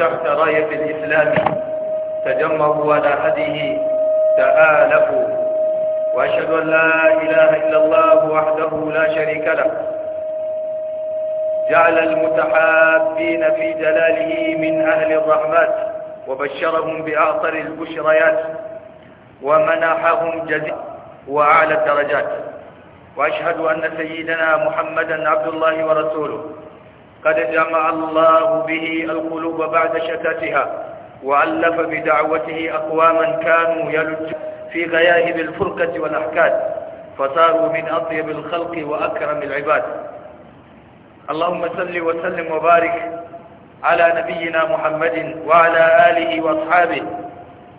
تحت راية الإسلام تجمعوا على هديه تآلفوا وأشهد أن لا إله إلا الله وحده لا شريك له جعل المتحابين في جلاله من أهل الرحمات وبشرهم بأعطر البشريات ومنحهم جزيلا وأعلى الدرجات وأشهد أن سيدنا محمدا عبد الله ورسوله قد جمع الله به القلوب بعد شتاتها وألف بدعوته أقواما كانوا يلج في غياهب الفرقة والأحكاد فصاروا من أطيب الخلق وأكرم العباد اللهم صل وسلم وبارك على نبينا محمد وعلى آله وأصحابه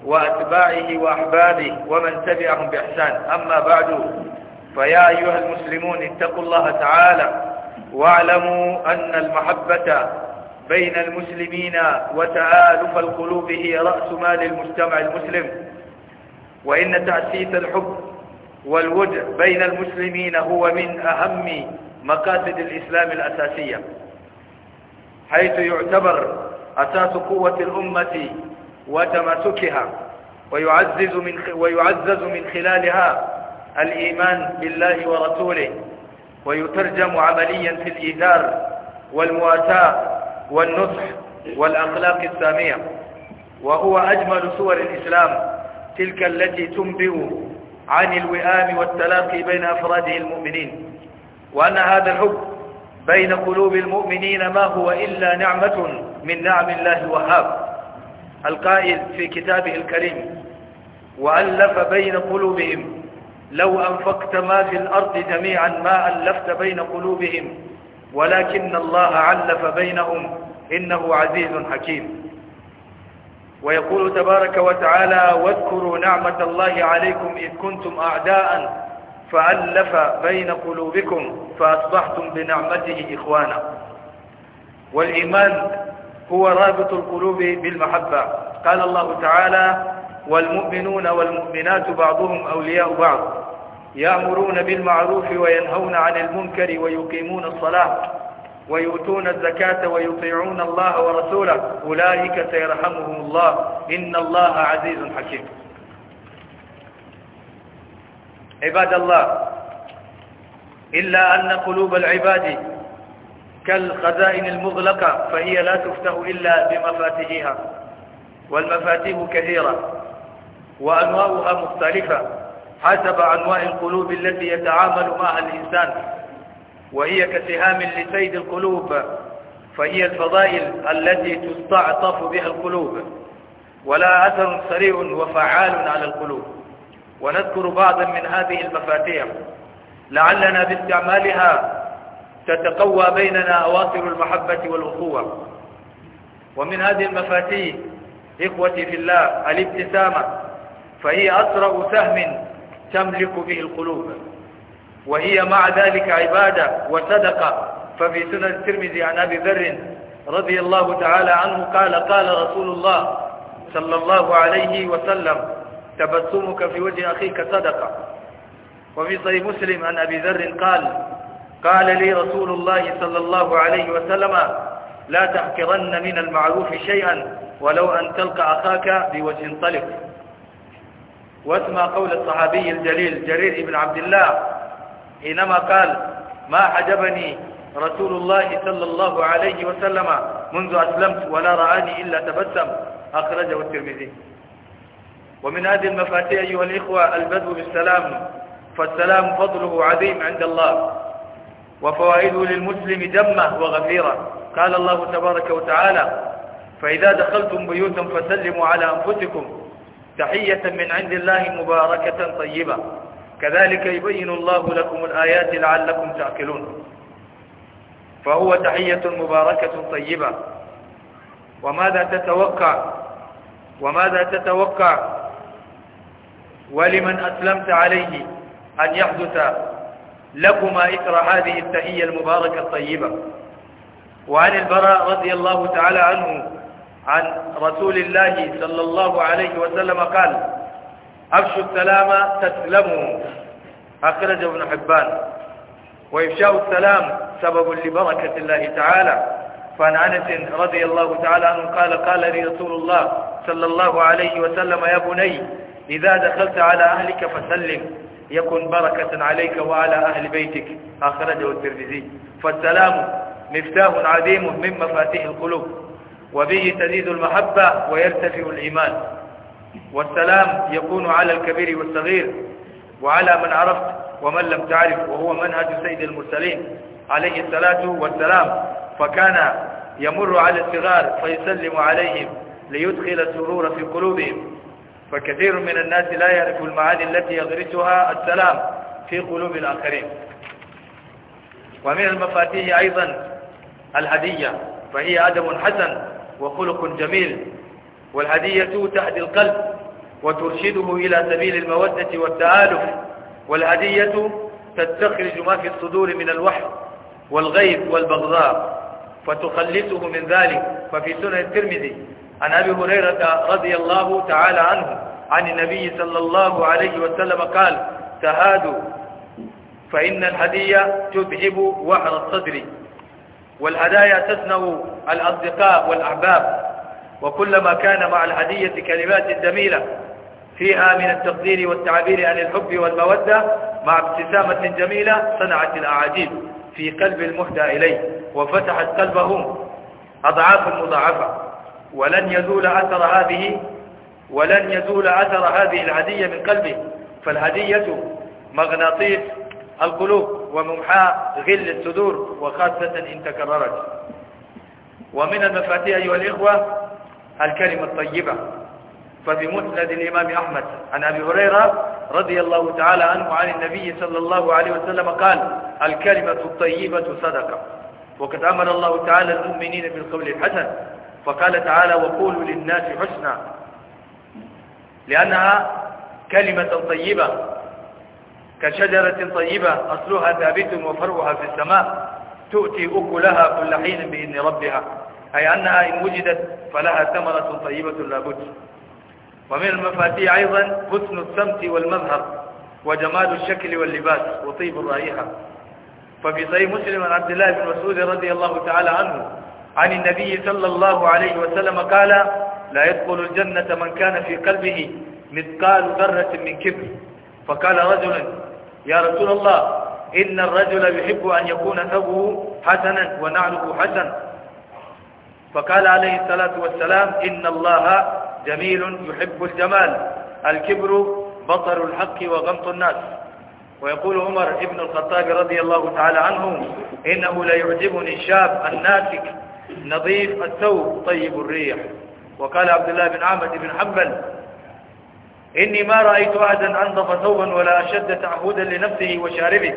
وأتباعه وأحبابه ومن تبعهم بإحسان أما بعد فيا أيها المسلمون اتقوا الله تعالى واعلموا أن المحبة بين المسلمين وتآلف القلوب هي رأس مال المجتمع المسلم وإن تأسيس الحب والود بين المسلمين هو من أهم مقاصد الإسلام الأساسية حيث يعتبر أساس قوة الأمة وتماسكها ويعزز من, ويعزز من خلالها الإيمان بالله ورسوله ويترجم عمليا في الإيثار والمواساة والنصح والأخلاق السامية وهو أجمل صور الإسلام تلك التي تنبئ عن الوئام والتلاقي بين أفراده المؤمنين وأن هذا الحب بين قلوب المؤمنين ما هو إلا نعمة من نعم الله الوهاب القائل في كتابه الكريم وألف بين قلوبهم لو أنفقت ما في الأرض جميعا ما ألفت بين قلوبهم ولكن الله علف بينهم إنه عزيز حكيم ويقول تبارك وتعالى واذكروا نعمة الله عليكم إذ كنتم أعداء فألف بين قلوبكم فأصبحتم بنعمته إخوانا والإيمان هو رابط القلوب بالمحبة قال الله تعالى والمؤمنون والمؤمنات بعضهم أولياء بعض يأمرون بالمعروف وينهون عن المنكر ويقيمون الصلاة ويؤتون الزكاة ويطيعون الله ورسوله أولئك سيرحمهم الله إن الله عزيز حكيم عباد الله إلا أن قلوب العباد كالخزائن المغلقة فهي لا تفتح إلا بمفاتيحها والمفاتيح كثيرة وأنواعها مختلفة حسب أنواع القلوب التي يتعامل معها الإنسان وهي كسهام لسيد القلوب فهي الفضائل التي تستعطف بها القلوب ولا أثر سريع وفعال على القلوب ونذكر بعضا من هذه المفاتيح لعلنا باستعمالها تتقوى بيننا أواصر المحبة والأخوة ومن هذه المفاتيح إخوتي في الله الابتسامة فهي أسرع سهم تملك به القلوب وهي مع ذلك عبادة وصدقة ففي سنن الترمذي عن أبي ذر رضي الله تعالى عنه قال قال رسول الله صلى الله عليه وسلم تبسمك في وجه أخيك صدقة وفي صحيح مسلم عن أبي ذر قال قال لي رسول الله صلى الله عليه وسلم لا تحقرن من المعروف شيئا ولو أن تلقى أخاك بوجه طلق واسمع قول الصحابي الجليل جرير بن عبد الله حينما قال ما حجبني رسول الله صلى الله عليه وسلم منذ أسلمت ولا رآني إلا تبسم أخرجه الترمذي ومن هذه المفاتيح أيها الإخوة البدء بالسلام فالسلام فضله عظيم عند الله وفوائده للمسلم جمة وغفيرة قال الله تبارك وتعالى فإذا دخلتم بيوتا فسلموا على أنفسكم تحية من عند الله مباركة طيبة كذلك يبين الله لكم الآيات لعلكم تعقلون فهو تحية مباركة طيبة وماذا تتوقع وماذا تتوقع ولمن أسلمت عليه أن يحدث لكما إثر هذه التحية المباركة الطيبة وعن البراء رضي الله تعالى عنه عن رسول الله صلى الله عليه وسلم قال أفشوا السلام تسلموا أخرج ابن حبان وإفشاء السلام سبب لبركة الله تعالى فعن أنس رضي الله تعالى عنه قال قال لي رسول الله صلى الله عليه وسلم يا بني إذا دخلت على أهلك فسلم يكن بركة عليك وعلى أهل بيتك أخرجه الترمذي فالسلام مفتاح عظيم من مفاتيح القلوب وبه تزيد المحبة ويرتفع الإيمان والسلام يكون على الكبير والصغير وعلى من عرفت ومن لم تعرف وهو منهج سيد المرسلين عليه الصلاة والسلام فكان يمر على الصغار فيسلم عليهم ليدخل السرور في قلوبهم فكثير من الناس لا يعرف المعاني التي يغرسها السلام في قلوب الآخرين ومن المفاتيح أيضا الهدية فهي أدب حسن وخلق جميل والهدية تهدي القلب وترشده إلى سبيل المودة والتآلف والهدية تستخرج ما في الصدور من الوحي والغيب والبغضاء فتخلصه من ذلك ففي سنة الترمذي عن أبي هريرة رضي الله تعالى عنه عن النبي صلى الله عليه وسلم قال تهادوا فإن الهدية تذهب وحر الصدر والهدايا تثنو الأصدقاء والأحباب وكلما كان مع الهدية كلمات جميلة فيها من التقدير والتعبير عن الحب والمودة مع ابتسامة جميلة صنعت الأعاجيب في قلب المهدى إليه وفتحت قلبهم أضعاف مضاعفة ولن يزول أثر هذه ولن يزول أثر هذه الهدية من قلبه فالهدية مغناطيس القلوب وممحاء غل الصدور وخاصة إن تكررت ومن المفاتيح أيها الإخوة الكلمة الطيبة ففي مسند الإمام أحمد عن أبي هريرة رضي الله تعالى عنه عن النبي صلى الله عليه وسلم قال الكلمة الطيبة صدقة وقد أمر الله تعالى المؤمنين بالقول الحسن فقال تعالى وقولوا للناس حسنا لأنها كلمة طيبة كشجرة طيبة أصلها ثابت وفرعها في السماء تؤتي أكلها كل حين بإذن ربها أي أنها آه إن وجدت فلها ثمرة طيبة لابد ومن المفاتيح أيضا حسن السمت والمظهر وجمال الشكل واللباس وطيب الرائحة ففي صحيح مسلم عن عبد الله بن مسعود رضي الله تعالى عنه عن النبي صلى الله عليه وسلم قال لا يدخل الجنة من كان في قلبه مثقال ذرة من كبر فقال رجل يا رسول الله إن الرجل يحب أن يكون ثوبه حسنا ونعله حسن فقال عليه الصلاة والسلام إن الله جميل يحب الجمال الكبر بطر الحق وغمط الناس ويقول عمر ابن الخطاب رضي الله تعالى عنه إنه ليعجبني الشاب الناسك نظيف الثوب طيب الريح وقال عبد الله بن عامر بن حنبل إني ما رأيت أحدا أنظف ثوبا ولا أشد تعهدا لنفسه وشاربه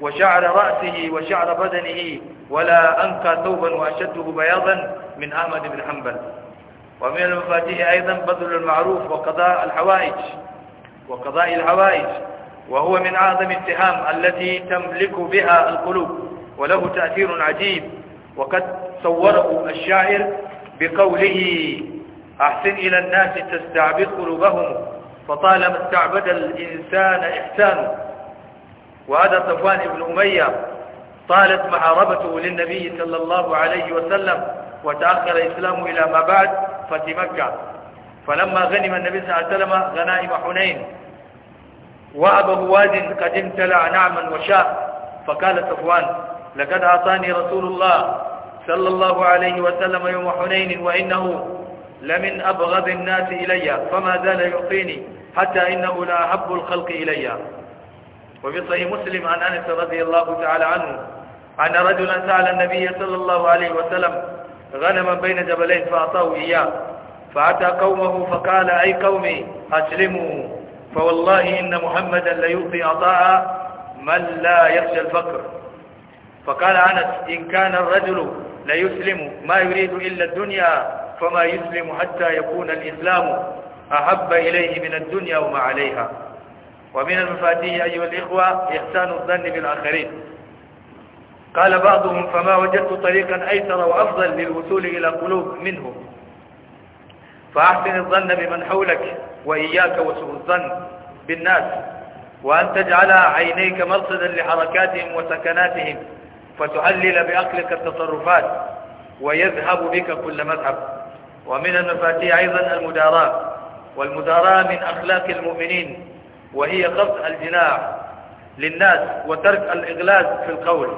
وشعر رأسه وشعر بدنه ولا أنقى ثوبا وأشده بياضا من أحمد بن حنبل ومن المفاتيح أيضا بذل المعروف وقضاء الحوائج وقضاء الحوائج وهو من أعظم التهام التي تملك بها القلوب وله تأثير عجيب وقد صوره الشاعر بقوله أحسن إلى الناس تستعبد قلوبهم فطالما استعبد الإنسان إحسانه وهذا صفوان بن أمية طالت محاربته للنبي صلى الله عليه وسلم وتأخر إسلامه إلى ما بعد فتح مكة فلما غنم النبي صلى الله عليه وسلم غنائم حنين وأبه واد قد امتلع نعما وشاء فقال صفوان لقد أعطاني رسول الله صلى الله عليه وسلم يوم حنين وإنه لمن أبغض الناس إلي فما زال يعطيني حتى إنه لا أحب الخلق إلي وفي صحيح مسلم عن أنس رضي الله تعالى عنه أن رجلا سأل النبي صلى الله عليه وسلم غنما بين جبلين فأعطاه إياه فأتى قومه فقال أي قومي أسلموا فوالله إن محمدا ليعطي عطاء من لا يخشى الفقر فقال أنس إن كان الرجل ليسلم ما يريد إلا الدنيا فما يسلم حتى يكون الإسلام أحب إليه من الدنيا وما عليها ومن المفاتيح أيها الإخوة إحسان الظن بالآخرين قال بعضهم فما وجدت طريقا أيسر وأفضل للوصول إلى قلوب منهم فأحسن الظن بمن حولك وإياك وسوء الظن بالناس وأن تجعل عينيك مرصدا لحركاتهم وسكناتهم فتعلل بأقلك التصرفات ويذهب بك كل مذهب ومن المفاتيح أيضا المداراة والمداراة من أخلاق المؤمنين وهي خفض الجناح للناس وترك الإغلاس في القول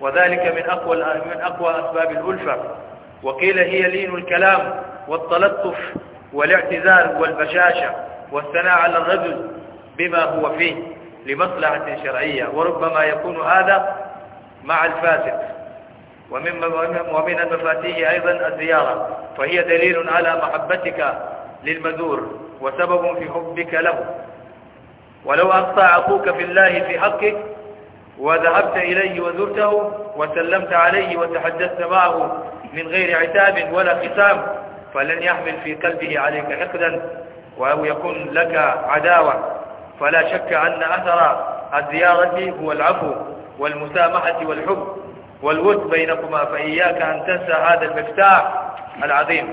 وذلك من أقوى, من أقوى أسباب الألفة وقيل هي لين الكلام والتلطف والاعتذار والبشاشة والثناء على الرجل بما هو فيه لمصلحة شرعية وربما يكون هذا مع الفاسق ومن ومن المفاتيح أيضا الزيارة فهي دليل على محبتك للمزور وسبب في حبك له ولو أقطع أخوك في الله في حقك وذهبت إليه وزرته وسلمت عليه وتحدثت معه من غير عتاب ولا قسام فلن يحمل في قلبه عليك حقدا أو يكون لك عداوة فلا شك أن أثر الزيارة هو العفو والمسامحة والحب والود بينكما فإياك أن تنسى هذا المفتاح العظيم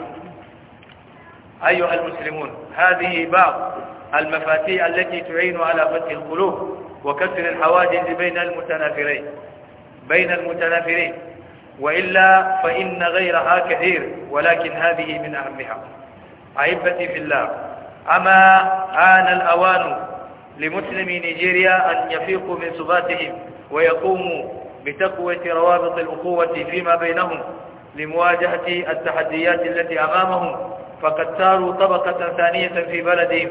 أيها المسلمون هذه بعض المفاتيح التي تعين على فتح القلوب وكسر الحواجز بين المتنافرين بين المتنافرين وإلا فإن غيرها كثير ولكن هذه من أهمها أحبتي في الله أما آن الأوان لمسلمي نيجيريا أن يفيقوا من سباتهم ويقوموا بتقوية روابط الأخوة فيما بينهم لمواجهة التحديات التي أمامهم فقد ساروا طبقة ثانية في بلدهم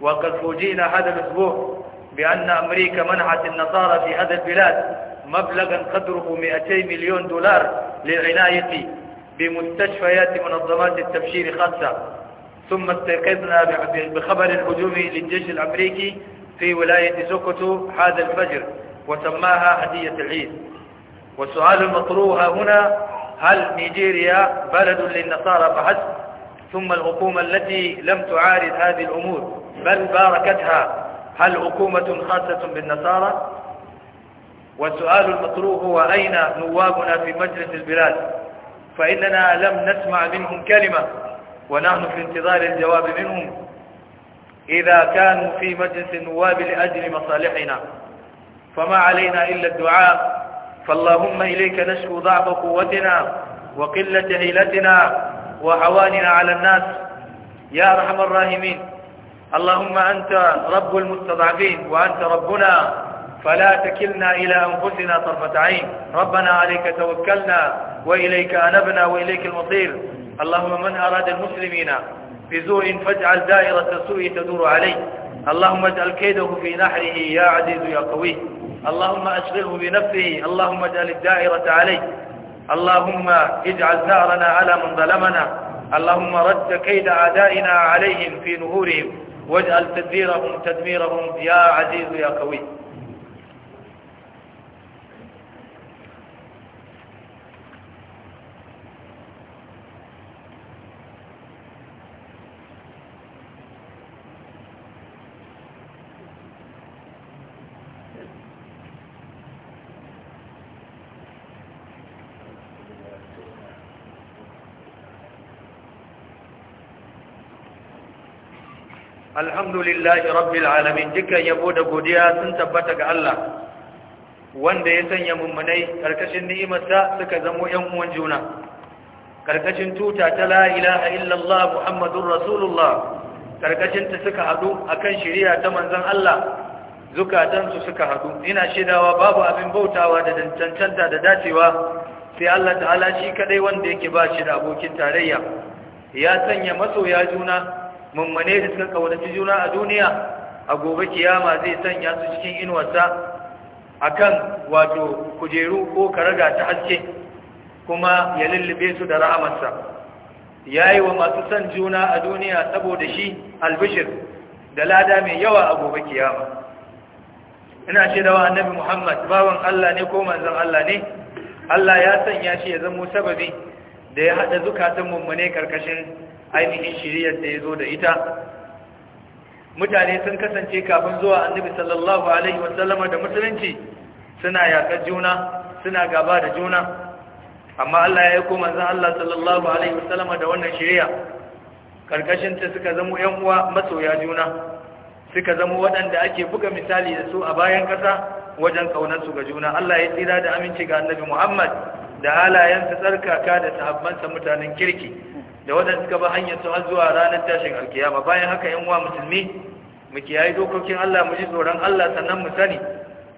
وقد فوجئنا هذا الأسبوع بأن أمريكا منحت النصارى في هذا البلاد مبلغا قدره 200 مليون دولار للعناية بمستشفيات منظمات التبشير خاصة ثم استيقظنا بخبر الهجوم للجيش الأمريكي في ولاية سوكوتو هذا الفجر وسماها هدية العيد والسؤال المطروح هنا هل نيجيريا بلد للنصارى فحسب ثم الحكومة التي لم تعارض هذه الأمور بل باركتها هل حكومة خاصة بالنصارى والسؤال المطروح هو أين نوابنا في مجلس البلاد فإننا لم نسمع منهم كلمة ونحن في انتظار الجواب منهم إذا كانوا في مجلس النواب لأجل مصالحنا فما علينا إلا الدعاء فاللهم إليك نشكو ضعف قوتنا وقلة هيلتنا وهواننا على الناس يا أرحم الراحمين اللهم أنت رب المستضعفين وأنت ربنا فلا تكلنا إلى أنفسنا طرفة عين ربنا عليك توكلنا وإليك أنبنا وإليك المصير اللهم من أراد المسلمين بزوء فاجعل دائرة السوء تدور عليه اللهم اجعل كيده في نحره يا عزيز يا قوي اللهم أشغله بنفسه اللهم اجعل الدائرة عليه اللهم اجعل ثأرنا على من ظلمنا اللهم رد كيد أعدائنا عليهم في نهورهم واجعل تدبيرهم تدميرهم يا عزيز يا قوي alhamdulillahi rabbil alamin dukkan yabo da godiya sun tabbata ga Allah wanda ya sanya mummunai karkashin ni'imarsa suka zamo yan uwan juna karkashin tuta ta la ilaha illallah muhammadur rasulullah karkashin ta suka hadu akan shari'a ta manzon Allah zukatansu suka hadu ina shaidawa babu abin bautawa da cancanta da dacewa sai Allah ta'ala shi kadai wanda yake ba shi da abokin tarayya ya sanya masoya juna Mummane da suka kaunaci juna a duniya a gobe kiyama zai sanya su cikin inuwarsa kan wato kujeru ko karaga ta haske kuma ya lullube su da ra'amarsa yi wa masu son juna a duniya saboda shi albishir da lada mai yawa a gobe kiyama ina ce da annabi Muhammad bawan Allah ne ko manzan Allah ne Allah ya sanya shi ya zama sababi da ya haɗa zukatan mummune karkashin ainihin shiriyar da ya zo da ita mutane sun kasance kafin zuwa annabi sallallahu alaihi wasallama da musulunci suna yaƙar juna suna gaba da juna amma Allah ya yi ko 'Zan Allah sallallahu alaihi wasallama da wannan shiriya karkashin ta suka zama 'yan uwa masoya juna suka zama waɗanda ake buga misali da su a bayan ƙasa wajen ƙaunarsu su ga juna Allah ya tsira da aminci ga annabi Muhammad da halayen tsarkaka da sahabbansa mutanen kirki da waɗanda suka ba hanyar su har zuwa ranar tashin alkiyama bayan haka yan uwa musulmi mu kiyaye dokokin Allah mu ji tsoron Allah sannan mu sani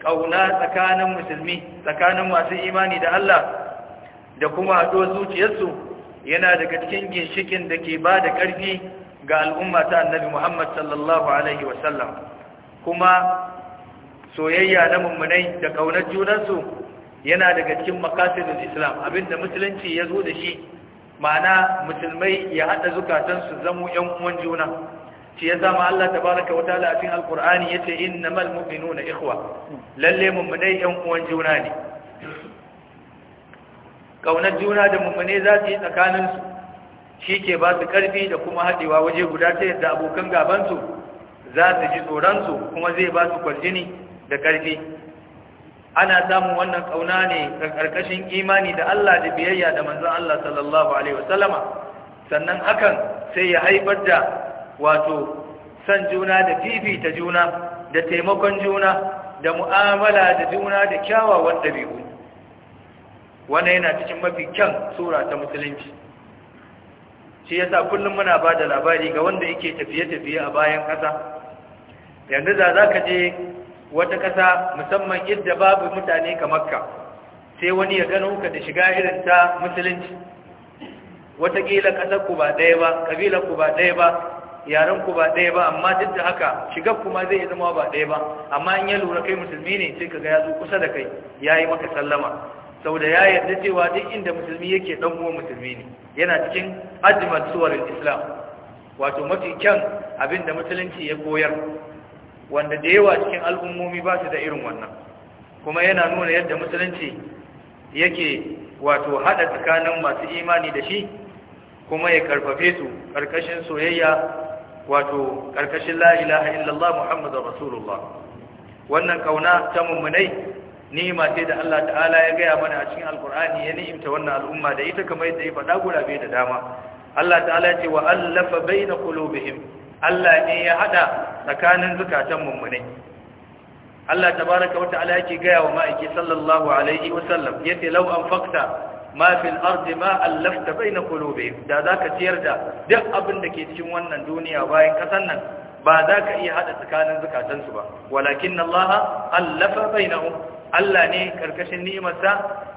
kauna tsakanin musulmi tsakanin masu imani da Allah da kuma haɗuwar zuciyarsu yana daga cikin ginshikin da ke ba da ƙarfi ga al'umma ta annabi Muhammad sallallahu alaihi wasallam kuma soyayya na mummunai da kaunar junansu yana daga cikin makasidul Islam abinda musulunci ya zo da shi ma'ana musulmai ya hada zukatan su zamo yan uwan juna shi yasa ma Allah tabaraka wa ta'ala a cikin alqur'ani yace innamal mu'minuna ikhwa lalle mu'minai yan uwan juna ne kaunar juna da mu'minai za su yi tsakanin su ke ba su karfi da kuma hadewa waje guda ta yadda abokan gaban su za su ji tsoron su kuma zai ba su kwaljini da karfi ana samun wannan kauna ne ƙarƙashin imani da Allah da biyayya da manzon Allah sallallahu alaihi wasallama sannan hakan sai ya haifar da wato san juna da fifita juna da taimakon juna da mu'amala da juna da kyawawan dabi'u wannan yana cikin mafi kyan sura ta musulunci shi yasa kullum muna ba da labari ga wanda yake tafiye-tafiye a bayan ƙasa yanzu da za ka je wata ƙasa musamman yadda babu mutane ka makka, sai wani ya gano ka da shiga irin ta musulunci watakila ƙasar ku ba ɗaya ba ƙabilar ku ba ɗaya ba yaren ku ba ɗaya ba amma duk da haka shigar ma zai zama ba ɗaya ba amma in ya lura kai musulmi ne sai ga ya zo kusa da kai ya yi maka sallama da ya yarda cewa duk inda musulmi yake dan uwan musulmi ne yana cikin ajimar suwarin islam wato mafi kyan abin da musulunci ya koyar wanda da yawa cikin al'ummomi ba su da irin wannan kuma yana nuna yadda musulunci yake wato hada tsakanin masu imani da shi kuma ya karfafe su karkashin soyayya wato karkashin la ilaha illallah muhammadur rasulullah wannan kauna ta mummunai ni'ima ce da Allah ta'ala ya gaya mana a cikin alkur'ani ya ni'imta wannan al'umma da ita kamar yadda ya faɗa gurabe da dama Allah ta'ala ya ce wa allafa baina qulubihim Allah ne ya hada tsakanin zukatan mummunai Allah tabaraka wa ta'ala yake gaya wa maiki sallallahu alaihi wa sallam yace law anfaqta ma fil ardi ma allafta baina qulubihim da zaka ciyar da duk abin da ke cikin wannan duniya bayan kasan nan ba za ka iya hada tsakanin zukatansu ba walakin Allah allafa bainahum Allah ne karkashin ni'imarsa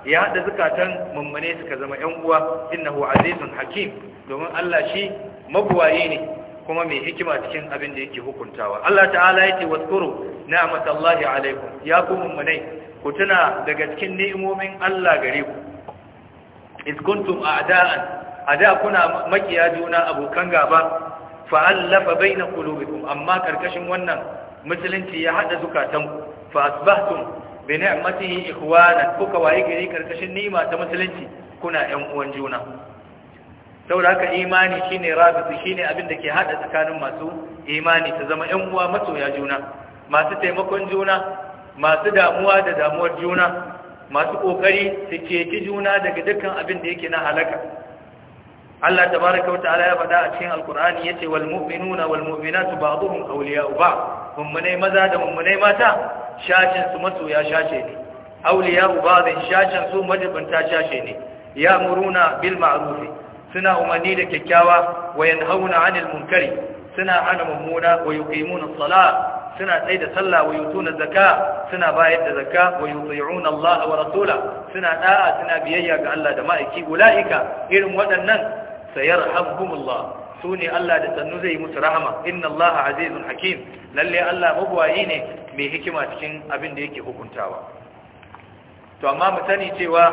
ya hada zukatan mummune suka zama 'yan uwa innahu azizun hakim domin Allah shi mabuwaye ne kuma mai hikima cikin abin da yake hukuntawa Allah ta'ala yake waskuru ni'matallahi alaikum ya kuma mummunai ku tuna daga cikin ni'imomin Allah gare ku iz kuntum a'da'an ada kuna makiya juna abokan gaba fa allafa baina qulubikum amma karkashin wannan musulunci ya hada zukatanku fa asbahtum bi ni'matihi ikhwana kuka waye gari karkashin ni'ima ta musulunci kuna ƴan uwan juna saboda haka imani shine rabiti shine abin da ke hada tsakanin masu imani ta zama ƴan uwa masoya juna masu taimakon juna masu damuwa da damuwar juna masu kokari su ceci juna daga dukkan abin da yake na halaka Allah tabaraka wa ta'ala ya faɗa a cikin alkur'ani yace wal mu'minuna wal mu'minatu ba'dhum awliya'u ba'd mummunai maza da mummunai mata shashin su masoya shashe ne awliya'u ba'd shashin su majibanta shashe ne ya'muruna bil ma'ruf suna umarni da kyakkyawa wayan hauna 'anil munkari suna hana mummuna wa yuqimuna as suna tsaye da sallah wa yutuna zakka suna bayar da zakka wa yuti'una Allah wa rasula suna da'a suna biyayya ga Allah da ma'aiki wulaika irin waɗannan sayarhamhumullah sune Allah da sannu zai musu rahama inna Allah azizun hakim lalle Allah mabwayi ne mai hikima cikin abin da yake hukuntawa to amma mu sani cewa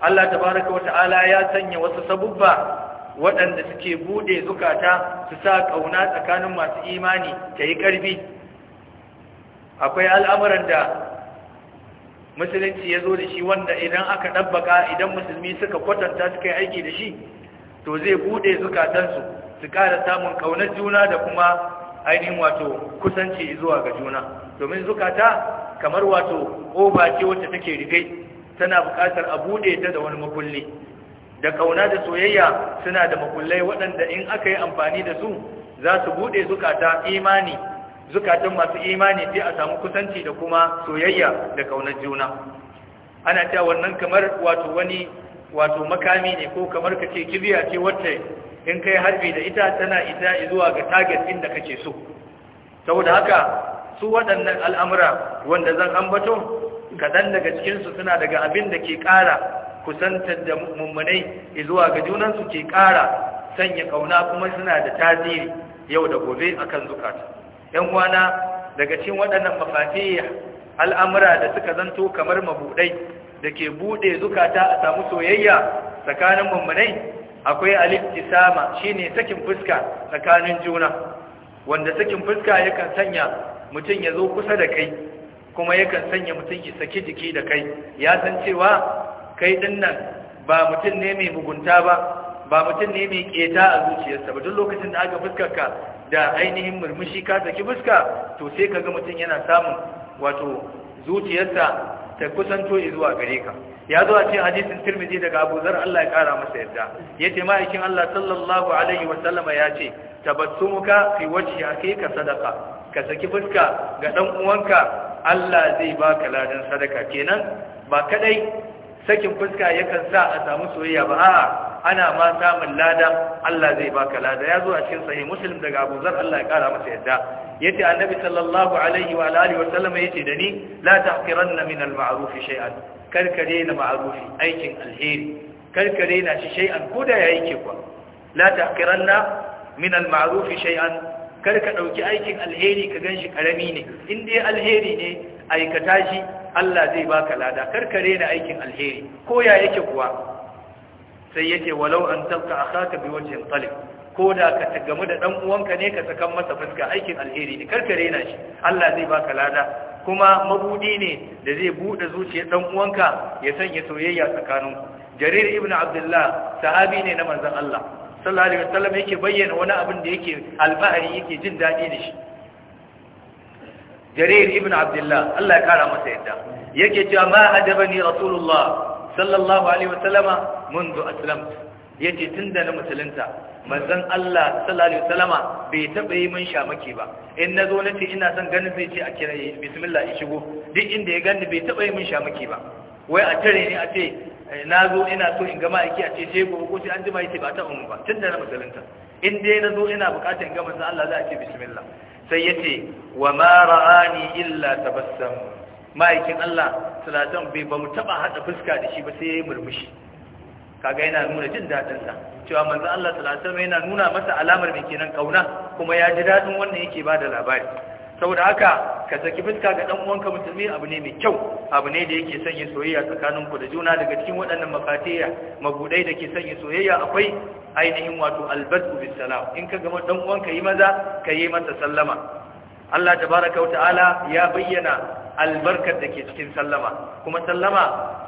Allah tabaraka wa ya sanya wasu sabubba waɗanda suke buɗe zukata su sa kauna tsakanin masu imani ta yi ƙarfi akwai al'amuran da musulunci ya zo da shi wanda idan aka ɗabbaka idan musulmi suka kwatanta suka yi aiki da shi to zai buɗe zukatansu su ƙara samun ƙaunar juna da kuma ainihin wato kusanci zuwa ga juna domin zukata kamar wato ƙofa ce wacce take rigai tana buƙatar a buɗe ta da wani makulli da kauna da soyayya suna da makullai waɗanda in aka yi amfani da su za su buɗe zukata imani zukatan masu imani sai a samu kusanci da kuma soyayya da kaunar juna ana cewa wannan kamar wato wani wato makami ne ko kamar ka ce kibiya ce wacce in kai harbi da ita tana ita zuwa ga target da kake so saboda haka su waɗannan al'amura wanda zan ambato kaɗan daga cikinsu suna daga abin da ke ƙara kusantar da mummunai zuwa ga junansu ke ƙara sanya ƙauna kuma suna da tasiri yau da gobe akan zukata yan wana daga cikin waɗannan mafatiya al'amura da suka zanto kamar mabuɗai da ke buɗe zukata a samu soyayya tsakanin mummunai akwai shi shine sakin fuska tsakanin juna wanda sakin fuska yakan sanya mutum ya zo kusa da kai kuma yakan sanya mutum ya saki jiki da kai ya san cewa kai din nan ba mutum ne mai mugunta ba ba mutum ne mai keta a zuciyarsa ba duk lokacin da aka fuskarka da ainihin murmushi ka saki fuska to sai kaga mutum yana samun wato zuciyarsa ta kusanto zuwa gare ka ya zo a cikin hadisin Tirmidhi daga Abu Zar Allah ya kara masa yarda yace ma'aikin Allah sallallahu alaihi wa sallama ya ce tabassumuka fi wajhi ka sadaqa ka saki fuska ga ɗan uwanka Allah zai baka ladan sadaka kenan ba kadai sakin fuska yakan sa a samu soyayya ba a'a ana ma samun lada Allah zai baka lada ya zo a cikin sahih muslim daga Abu Zar Allah ya kara masa yadda yace annabi sallallahu alaihi wa alihi wa sallam yace da ni la tahqiranna min al-ma'ruf shay'an ka daina ma'rufi aikin alheri Kar ka daina shi shay'an koda yayi ke kwa la tahqiranna min al-ma'ruf shay'an kar ka ɗauki aikin alheri ka gan shi ƙarami ne in dai alheri ne aikata shi Allah zai baka lada kar ka rena aikin alheri ko ya yake kuwa sai yake walau an tabka akhaka bi wajhin talib ko da ka tagamu da dan uwanka ne ka sakan masa fuska aikin alheri ne kar ka rena shi Allah zai baka lada kuma mabudi ne da zai bude zuciyar dan uwanka ya sanya soyayya tsakaninku jarir ibnu abdullah sahabi ne na manzon Allah sallallahu alaihi wasallam yake bayyana wani abin da yake alfahari yake jin daɗi da shi jarir ibn abdullah Allah ya kara masa yadda yake cewa ma hadabani rasulullah sallallahu alaihi wasallama منذ aslamtu yace tunda na musulunta manzon Allah sallallahu alaihi wasallama bai taba yi min shamaki ba in nazo nace ina son ganin sai ce a kira bismillah in shigo duk inda ya gani bai taba yi min shamaki ba wai a tare ne a ce Eh, na zo ina so in gama aiki a ce je gobe ko sai an jima yake ba ta umu ba tun da na musulunta in dai na zo ina bukatar gama sai Allah za a ce bismillah sai yace wa ma ra'ani illa tabassam ma'aikin Allah salatan bai ba mu taba hada fuska da shi ba sai yayi murmushi kaga yana nuna jin dadin sa cewa manzo Allah salatan yana nuna masa alamar mai kenan kauna kuma ya ji dadin wannan yake ba da labari saboda haka ka saki fuska ga dan uwanka musulmi abu ne mai kyau abu ne da yake sanya soyayya tsakaninku ku da juna daga cikin waɗannan makatiya magudai da ke sanya soyayya akwai ainihin wato albadu bis in ka gama dan uwanka yi maza ka yi masa sallama Allah tabaraka ta'ala ya bayyana albarkar da ke cikin sallama kuma sallama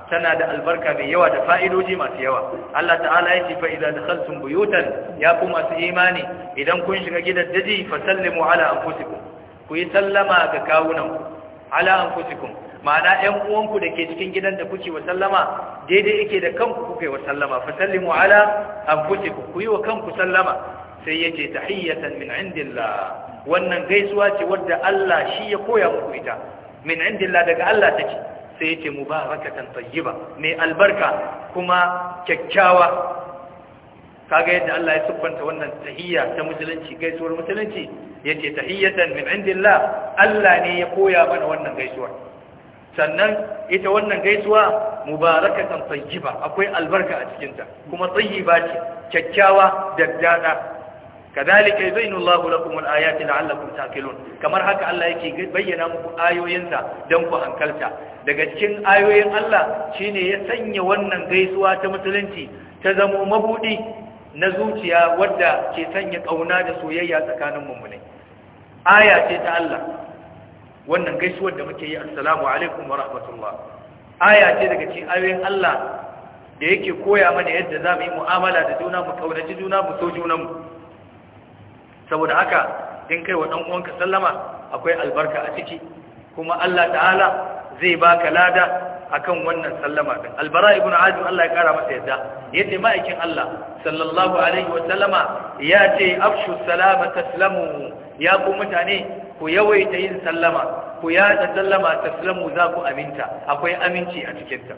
tana da albarka mai yawa da fa'idoji masu yawa Allah ta'ala ya ce fa da dakhaltum buyutan ya ku masu imani idan kun shiga gidan daji fa sallimu ala anfusikum ku yi sallama ga kawunanku ala anfusikum ma'ana 'yan uwanku da ke cikin gidan da kuke wa sallama daidai yake da kanku kuke wa sallama fa sallimu ala anfusikum ku yi wa kanku sallama sai ya ce ta tahiyatan min indillah wannan gaisuwa ce wadda Allah shi ya koya muku ita min indillah daga Allah take sai ya yace mubarakatan tayyiba mai albarka kuma kyakkyawa kaga yadda Allah ya siffanta wannan tahiyya ta musulunci gaisuwar musulunci yake tahiyatan min indillah Allah ne ya koya mana wannan gaisuwa sannan ita wannan gaisuwa mubarakatan tayyiba akwai albarka a cikin ta kuma tayyiba ce kyakkyawa daddada kadhalika yubayyinu Allahu lakum al la'allakum taqilun kamar haka Allah yake bayyana muku ayoyinsa dan ku hankalta daga cikin ayoyin Allah shine ya sanya wannan gaisuwa ta musulunci ta zama mabudi na zuciya wadda ke sanya kauna da soyayya tsakanin mummunai aya ce ta Allah wannan gaisuwar da muke yi assalamu alaikum wa rahmatullah aya ce daga cikin ayoyin Allah da yake koya mana yadda za mu yi mu'amala da juna mu kaunaci juna mu so junanmu saboda haka in kai wa ɗan uwanka sallama akwai albarka a ciki kuma Allah ta'ala zai baka lada akan wannan sallama din albara ibn azim Allah ya kara masa yadda yace ma'aikin Allah sallallahu alaihi wa sallama ya ce afshu salama taslamu ya ku mutane ku yawaita yin sallama ku ya sallama taslamu za ku aminta akwai aminci a cikin ta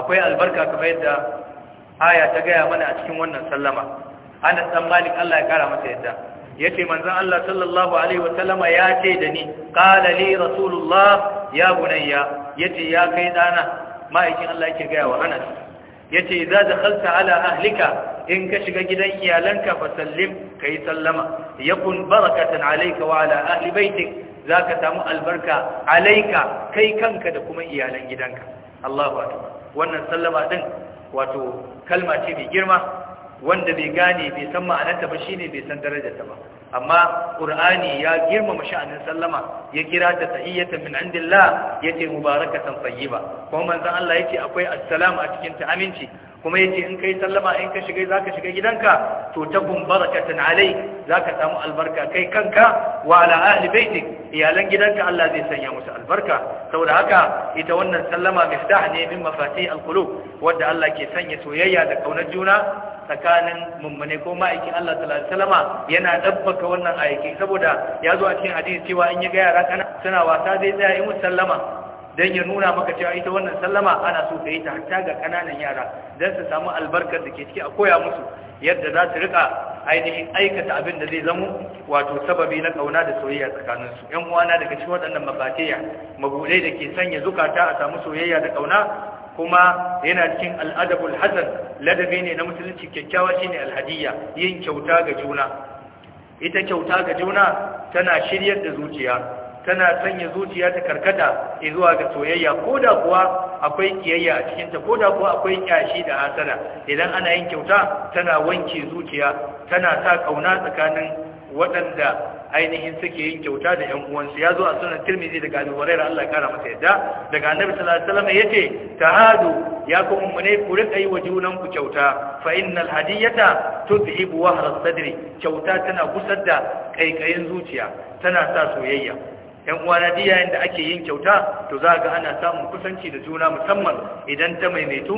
akwai albarka kamar yadda aya ta gaya mana a cikin wannan sallama ana dan Malik Allah ya kara masa yadda yace manzon Allah sallallahu alaihi wa sallama ya ce da ni qala li rasulullah ya bunayya yace ya kai dana ma'aikin Allah yake gaya wa Anas yace idza dakhalta ala ahlika in ka shiga gidan iyalanka fa sallim kai sallama yakun barakatan alayka wa ala ahli baitik zaka samu albarka alayka kai kanka da kuma iyalan gidanka Allahu akbar wannan sallama din wato kalma ce mai girma wanda bai gane bai san ma'anarta ba shine bai san darajarta ba amma ƙur'ani ya girmama sha'anin sallama ya kira ta tahiyatan min indillah yace mubarakatan tayyiba kuma manzon Allah yace akwai assalamu a cikin ta aminci kuma ce in ka yi sallama in ka shiga ka shiga gidanka to ta gumbarakatan alai zaka samu albarka kai kanka wa ala baitik iyalan gidanka Allah zai sanya musu albarka saboda haka ita wannan sallama miftah ne min mafatih alqulub wanda Allah ke sanya soyayya da kaunar juna tsakanin mummune ko ma'aikin Allah sallallahu yana ɗabbaka wannan aiki saboda ya zo a cikin hadisi cewa in ya ga yara kana suna wasa zai tsaya yi musu sallama dan ya nuna maka cewa ita wannan sallama ana so ta yi ta hatta ga kananan yara dan su samu albarkar da ke ciki a koya musu yadda za su rika ainihin aikata abin da zai zamo wato sababi na kauna da soyayya tsakanin su ƴan uwana daga cikin waɗannan mafatiya mabuɗe da ke sanya zukata a samu soyayya da kauna kuma yana cikin al'adabul hasan ladabi ne na musulunci kyakkyawa shine alhadiyya yin kyauta ga juna ita kyauta ga juna tana shiryar da zuciya tana sanya zuciya ta karkata zuwa ga soyayya ko da kuwa akwai kiyayya a cikinta ko da kuwa akwai kyashi da hasara idan ana yin kyauta tana wanke zuciya tana sa ƙauna tsakanin waɗanda ainihin suke yin kyauta da ƴan uwansu ya zo a sunan Tirmidhi daga Abu Allah kara masa yadda daga Annabi sallallahu alaihi wasallam ta hadu, ya kuma mune ku rika yi wa junan ku kyauta fa innal hadiyata tudhibu wahra sadri kyauta tana gusar da kaikayin zuciya tana sa soyayya yan uwana duk yayin da ake yin kyauta to za ga ana samun kusanci da juna musamman idan ta maimaitu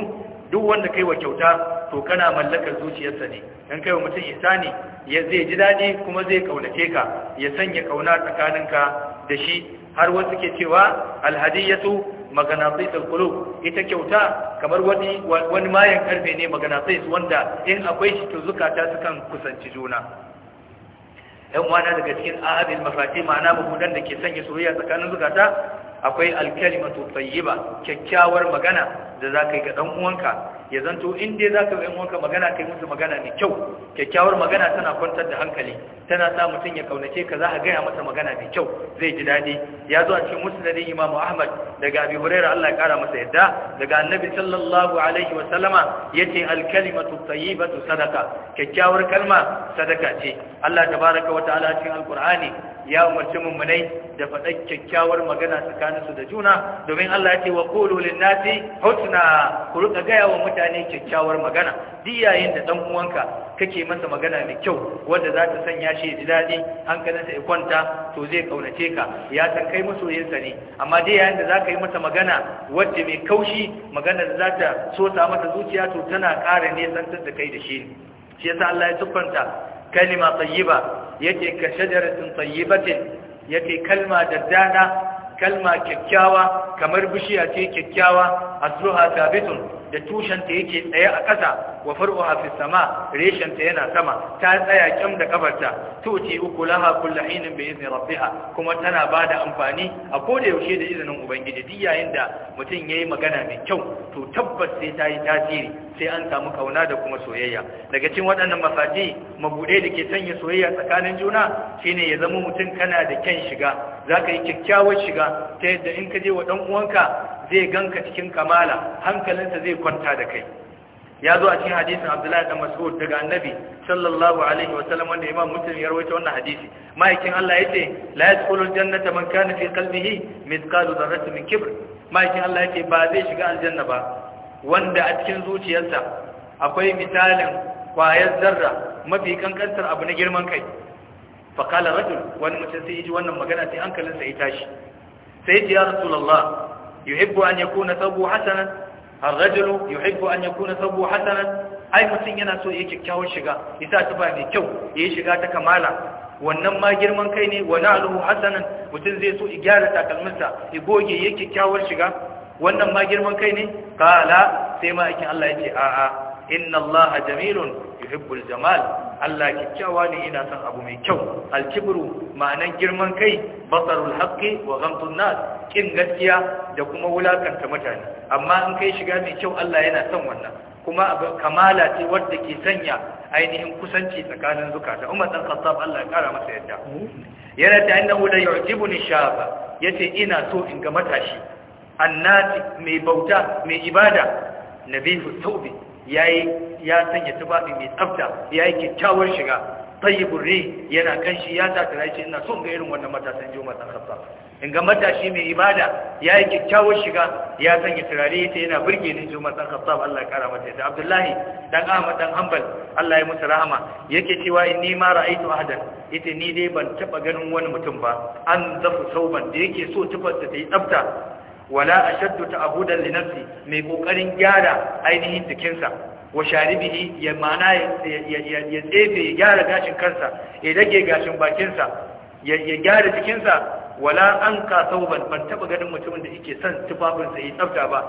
duk wanda kai wa kyauta to kana mallakar zuciyarsa ne dan kai wa mutum ihsani ya zai ji daɗi kuma zai kaunace ka ya sanya kauna ka da shi har wasu ke cewa alhadiyatu maganatisul qulub ita kyauta kamar wani wani mayan karfe ne sai wanda in akwai shi to zukata sukan kusanci juna yan uwana daga cikin abin mafati ma'ana mabudan da ke sanya soyayya tsakanin zukata akwai alkalimatu tayyiba kyakkyawar magana da za ka yi ga ɗan uwanka ya zanto in dai za ka yi uwanka magana kai musu magana mai kyau kyakkyawar magana tana kwantar da hankali tana sa mutum ya kaunace ka za a gaya masa magana mai kyau zai ji daɗi ya zo a cikin musnadin imamu ahmad daga abi Hurera Allah ya kara masa yadda daga annabi sallallahu alaihi wa sallama yace al kalimatu tayyibatu sadaka. kyakkyawar kalma sadaka ce Allah tabaraka wa ta'ala cikin alqur'ani ya umarci mummunai da faɗa kyakkyawar magana tsakaninsu da juna domin Allah ya ce wa qulu lin-nasi zauna ku gaya wa mutane kyakkyawar magana duk yayin da dan uwanka kake masa magana mai kyau wanda za ta sanya shi ya ji daɗi hankalinsa ya kwanta to zai kaunace ka ya san kai masoyinsa ne amma duk yayin da za ka yi masa magana wacce mai kaushi magana da za ta so ta masa zuciya to tana ƙara nesantar da kai da shi shi yasa Allah ya tuffanta kalima tayyiba yake ka shajaratin tayyibatin yake kalma da dana kalma kyakkyawa kamar bishiya ce kyakkyawa asruha sabitun da tushenta yake tsaye a ƙasa wa far'uha fi sama reshenta yana sama ta tsaya kyam da kabarta tuti ukulaha kullu hinin bai izni rabbiha kuma tana ba da amfani a koda yaushe da izinin ubangiji duk yayin da mutum yayi magana mai kyau to tabbas sai ta yi tasiri sai an samu kauna da kuma soyayya daga cikin waɗannan masaji mabuɗe da ke sanya soyayya tsakanin juna shine ya zama mutum kana da kyan shiga zaka yi kyakkyawar shiga ta yadda in ka je wa dan uwanka zai ganka cikin kamala hankalinsa zai kwanta da kai ya zo a cikin hadisin Abdullahi da Mas'ud daga Annabi sallallahu alaihi wa sallam wanda Imam Muslim ya rawaito wannan hadisi ma'aikin Allah yace la yadkhulul jannata man kana fi qalbihi mithqalu dharratin min kibr ma'aikin Allah ce, ba zai shiga aljanna ba wanda a cikin zuciyarsa akwai misalin kwayar zarra mafi kankantar abu na girman kai fa qala rajul wani mutum sai yi wannan magana sai hankalinsa ya tashi sai ya ce ya rasulullah yuhibbu an yakuna sabu hasanan ar-rajulu yuhibbu an yakuna sabu hasanan ai mutum yana so yayi kyakkyawan shiga isa tufa mai kyau yayi shiga ta kamala wannan ma girman kai ne wa na'luhu hasanan mutum zai so ya gyara takalminsa ya goge yayi kyakkyawar shiga wannan ma girman kai ne qala sai ma'aikin Allah ya ce a'a inna Allah jamilun yuhibbul jamal Allah kikkiawa ne ina son abu mai kyau alkibru ma'anan girman kai basarul haqqi wa ghamtun nas kin gaskiya da kuma wulakanta mutane amma in kai shiga mai kyau Allah yana son wannan kuma kamala ce wadda ke sanya ainihin kusanci tsakanin zukata Umar dan Khattab Allah ya kara masa yadda yana ta inda wala yu'jibuni shaba yace ina so in ga matashi annati mai bauta mai ibada nabihu taubi yayi ya sanya tufafi mai tsafta yayi kyakkyawar shiga tayyibur ri yana kanshi ya tatara shi ina son ga irin wannan matasan juma dan in ga matashi mai ibada yayi kyakkyawar shiga ya sanya turare yace yana burge ni juma dan khaffaf Allah ya kara mata da Abdullahi dan Ahmad dan Hanbal Allah ya musu rahama yake cewa inni ma ra'aitu ahadan yace ni dai ban taba ganin wani mutum ba an zafu sauban da yake so tufarsa ta yi tsafta wala ashaddu a li nafsi mai kokarin gyara ainihin jikinsa wa sharibihi ya mana ya tsefe ya gyara gashin kansa ya dage gashin bakinsa ya gyara jikinsa wala an kasau ban taɓa ganin mutumin da yake son tufafinsa ya tsafta ba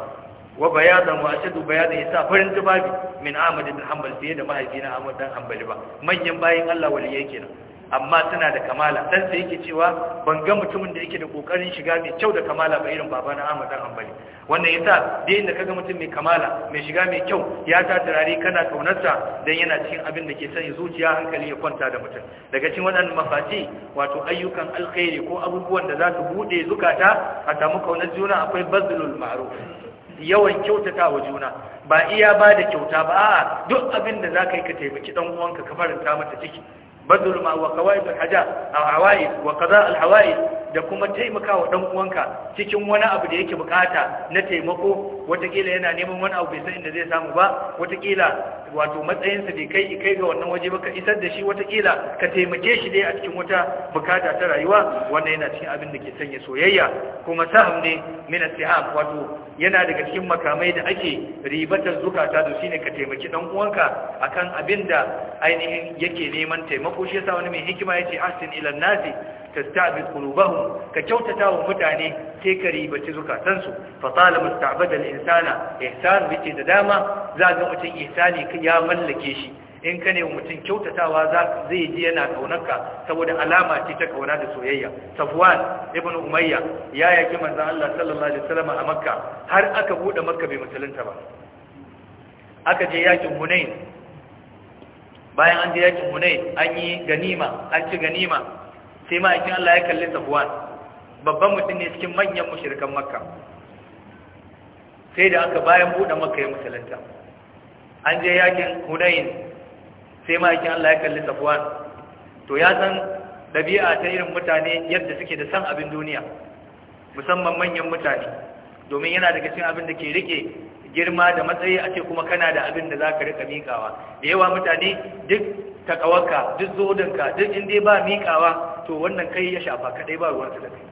wa bayadan wa ashadu bayadan yasa farin tufafi min Ahmad bin Hanbal fiye da mahaifina Ahmad dan Hanbali ba manyan bayan Allah waliyai kenan amma tana da kamala dan sai yake cewa ban ga mutumin da yake da kokarin shiga mai kyau da kamala ba irin babana Ahmad dan Hanbali wannan yasa da inda kaga mutum mai kamala mai shiga mai kyau ya ta turare kana kaunarsa dan yana cikin abin da ke sanya zuciya hankali ya kwanta da mutum daga cikin waɗannan mafati wato ayyukan alkhairi ko abubuwan da za su bude zukata a samu kaunar juna akwai bazlul ma'ruf yawan kyautata wa juna ba iya ba da kyauta ba a'a duk abin da za ka yi ka taimaki ɗan uwanka ka faranta mata ciki بذل ما وقوائد الحجاء أو عوائد وقضاء الحوائد da kuma taimakawa dan uwanka cikin wani abu da yake bukata na taimako watakila yana neman wani abu bai san inda zai samu ba watakila wato matsayinsa bai kai kai ga wannan waje ba ka isar da shi watakila ka taimake shi dai a cikin wata bukata ta rayuwa wannan yana cikin abin da ke sanya soyayya kuma saham ne min siham wato yana daga cikin makamai da ake ribatar zukata da shine ka taimaki dan uwanka akan abin da ainihin yake neman taimako shi yasa wani mai hikima yace ahsin ila nasi tastabi qulubahum ka kyautata wa mutane sai ka ribaci zukatansu fa talaba ista'bada al-insana ihsan bice da dama za ga mutum ihsani ya mallake shi in ka ne mutum kyautatawa zai ji yana kaunarka saboda alama ce ta kauna da soyayya safwan ibn umayya ya yaki manzon Allah sallallahu alaihi wasallam a makka har aka buɗe makka bai musulunta ba aka je yakin hunain bayan an je yakin hunain an yi ganima an ci ganima sai ma ma'aikin Allah ya kalli Safwan babban mutum ne cikin manyan mashirkan Makka sai da aka bayan buɗe Makka ya musulunta an je yakin Hunayin sai ma ma'aikin Allah ya kalli Safwan to ya san ɗabi'a ta irin mutane yadda suke da san abin duniya musamman manyan mutane domin yana daga cikin abin da ke rike girma da matsayi a ce kuma kana da abin da za ka rika miƙawa da yawa mutane duk takawarka duk zodonka duk inda ba miƙawa to wannan kai ya shafa kadai ba ruwa da kai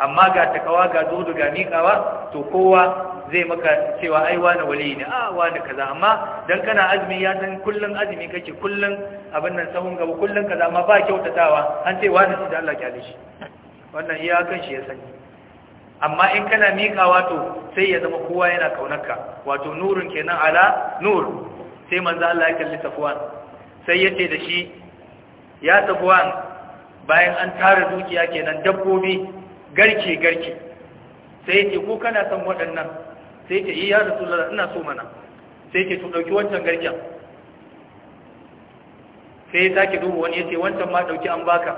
amma ga takawa ga zodo ga miƙawa to kowa zai maka cewa ai wani wali ne a ah, wani kaza amma dan kana azumi ya san kullun azumi kake kullun abin nan sahun gaba kullun kaza amma ba kyautatawa an ce wani shi da Allah kyale shi wannan iya kan shi ya sani amma in kana miƙawa to sai ya zama kowa yana kaunarka wato nurin kenan ala nur sai manzo Allah ya kalli Safwan sai ya ce da shi ya tsabuwan bayan an tara dukiya kenan dabbobi garke garke sai ya ce ko kana son waɗannan sai ce iya eh, da ina so mana sai ce tun ɗauki wancan garken sai ya sake duba wani ya ce wancan ma ɗauki an baka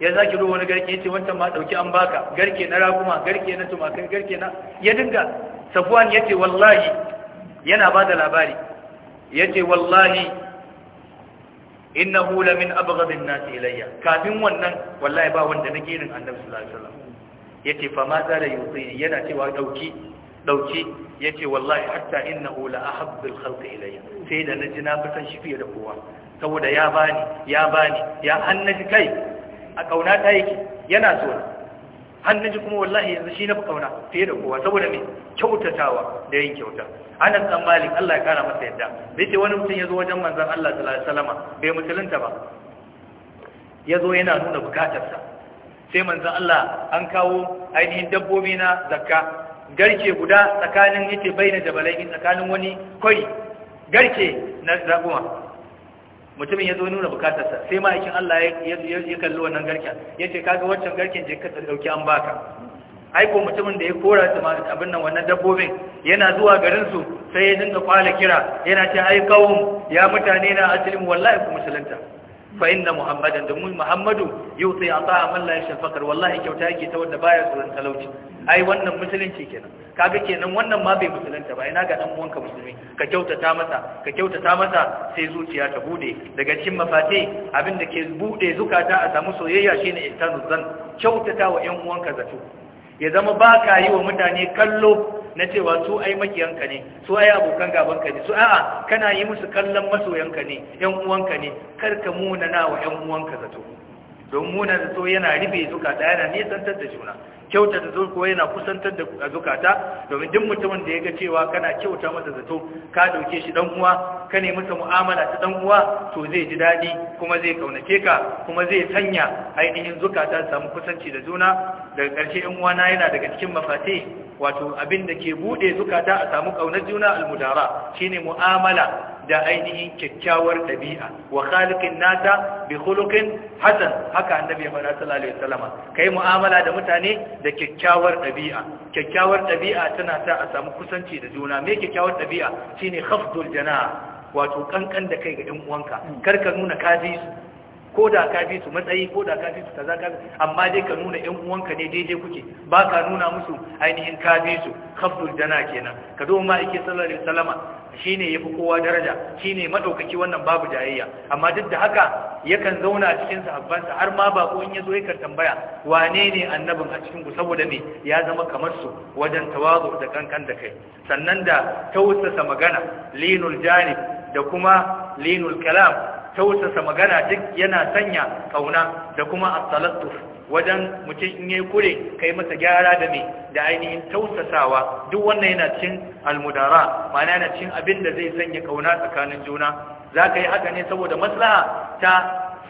ya sake duba wani garke ya ce wancan ma ɗauki an baka garke na raguma garke na tumakai garke na ya dinga safuwan ya ce wallahi yana ba da labari ya ce wallahi innahu min abghadin nas ilayya kafin wannan wallahi ba wanda na irin annabi sallallahu alaihi wasallam yace fa ma zala yuti yana cewa dauki dauki yace wallahi hatta innahu la ahabbu al-khalqi ilayya sai da naji na fitan shi fiye da kowa saboda ya bani ya bani ya annaji kai a kauna ta yake yana so annaji kuma wallahi yanzu shi na fi kauna fiye da kowa saboda mai kyautatawa da yin kyauta ana san malik Allah ya kara masa yadda bai ce wani mutum ya zo wajen manzan Allah sallallahu salama bai musulunta ba ya zo yana nuna bukatarsa sai manzan Allah an kawo ainihin dabbobi na zakka garke guda tsakanin yake na jabalai tsakanin wani kwari garke na zaguma mutumin ya zo nuna bukatarsa sai ma'aikin Allah ya kalli wannan garken ya ce kaga waccan garken je ka ɗauki an baka aiko mutumin da ya kora su abin nan wannan dabbobin yana zuwa garin su sai ya dinga kwala kira yana ce ai kawun ya mutane na asalin wallahi ku musulunta fa inna muhammadan da mun muhammadu yau sai an ta'a man la yashfaqar wallahi kyauta yake ta wanda baya tsoron talauci ai wannan musulunci kenan kaga kenan wannan ma bai musulunta ba ina ga dan uwanka musulmi ka kyautata masa ka kyautata masa sai zuciya ta bude daga cikin mafate abin da ke bude zukata a samu soyayya shine ihsanu zan kyautata wa ƴan uwanka zato ya zama ba ka yi wa mutane kallo na cewa su ai makiyanka ne su ai abokan gabanka ne su a'a kana yi musu kallon masoyanka ne yan uwanka ne kar ka munana wa yan uwanka zato don muna zato yana rufe zukata yana nisantar da juna kyautata zato ko yana kusantar da a zukata domin duk mutumin da ya ga cewa kana kyauta masa zato ka dauke shi dan uwa ka ne masa mu'amala ta dan uwa to zai ji dadi kuma zai kaunace ka kuma zai sanya ainihin zukata samu kusanci da juna daga ƙarshe ɗan na yana daga cikin mafati wato abin da ke bude zukata a samu kaunar juna almudara shine mu'amala da ainihin kyakkyawar dabi'a wa khaliqin nata bi khuluqin hasan haka annabi ya faɗa sallallahu alaihi wasallama kai mu'amala da mutane da kyakkyawar ɗabi'a kyakkyawar ɗabi'a tana sa a samu kusanci da juna me kyakkyawar ɗabi'a shine hafdul jana wato kankan da kai ga ɗan uwanka kar ka nuna kaji ko da ka su matsayi ko da ka su kaza kaza amma dai ka nuna ƴan uwanka ne daidai kuke ba ka nuna musu ainihin ka fi su hafdul jana kenan ka zo ma ake sallar salama salama. Shi ne ya fi kowa daraja Shi ne madaukaki wannan babu jayayya amma duk da haka yakan zauna a cikin sahabbansa har ma ba in ya zo yakan tambaya wane ne annabin a cikin ku saboda me ya zama kamar su wajen tawazu da kankan da kai sannan da tausasa magana linul Jani da kuma linul kalam tausasa magana duk yana sanya kauna da kuma as wajen mutum in yi kure kai masa gyara da mai da ainihin tausasawa duk wannan yana cin almudara mana yana cin abin da zai sanya kauna tsakanin juna Za ka yi haka ne saboda maslaha ta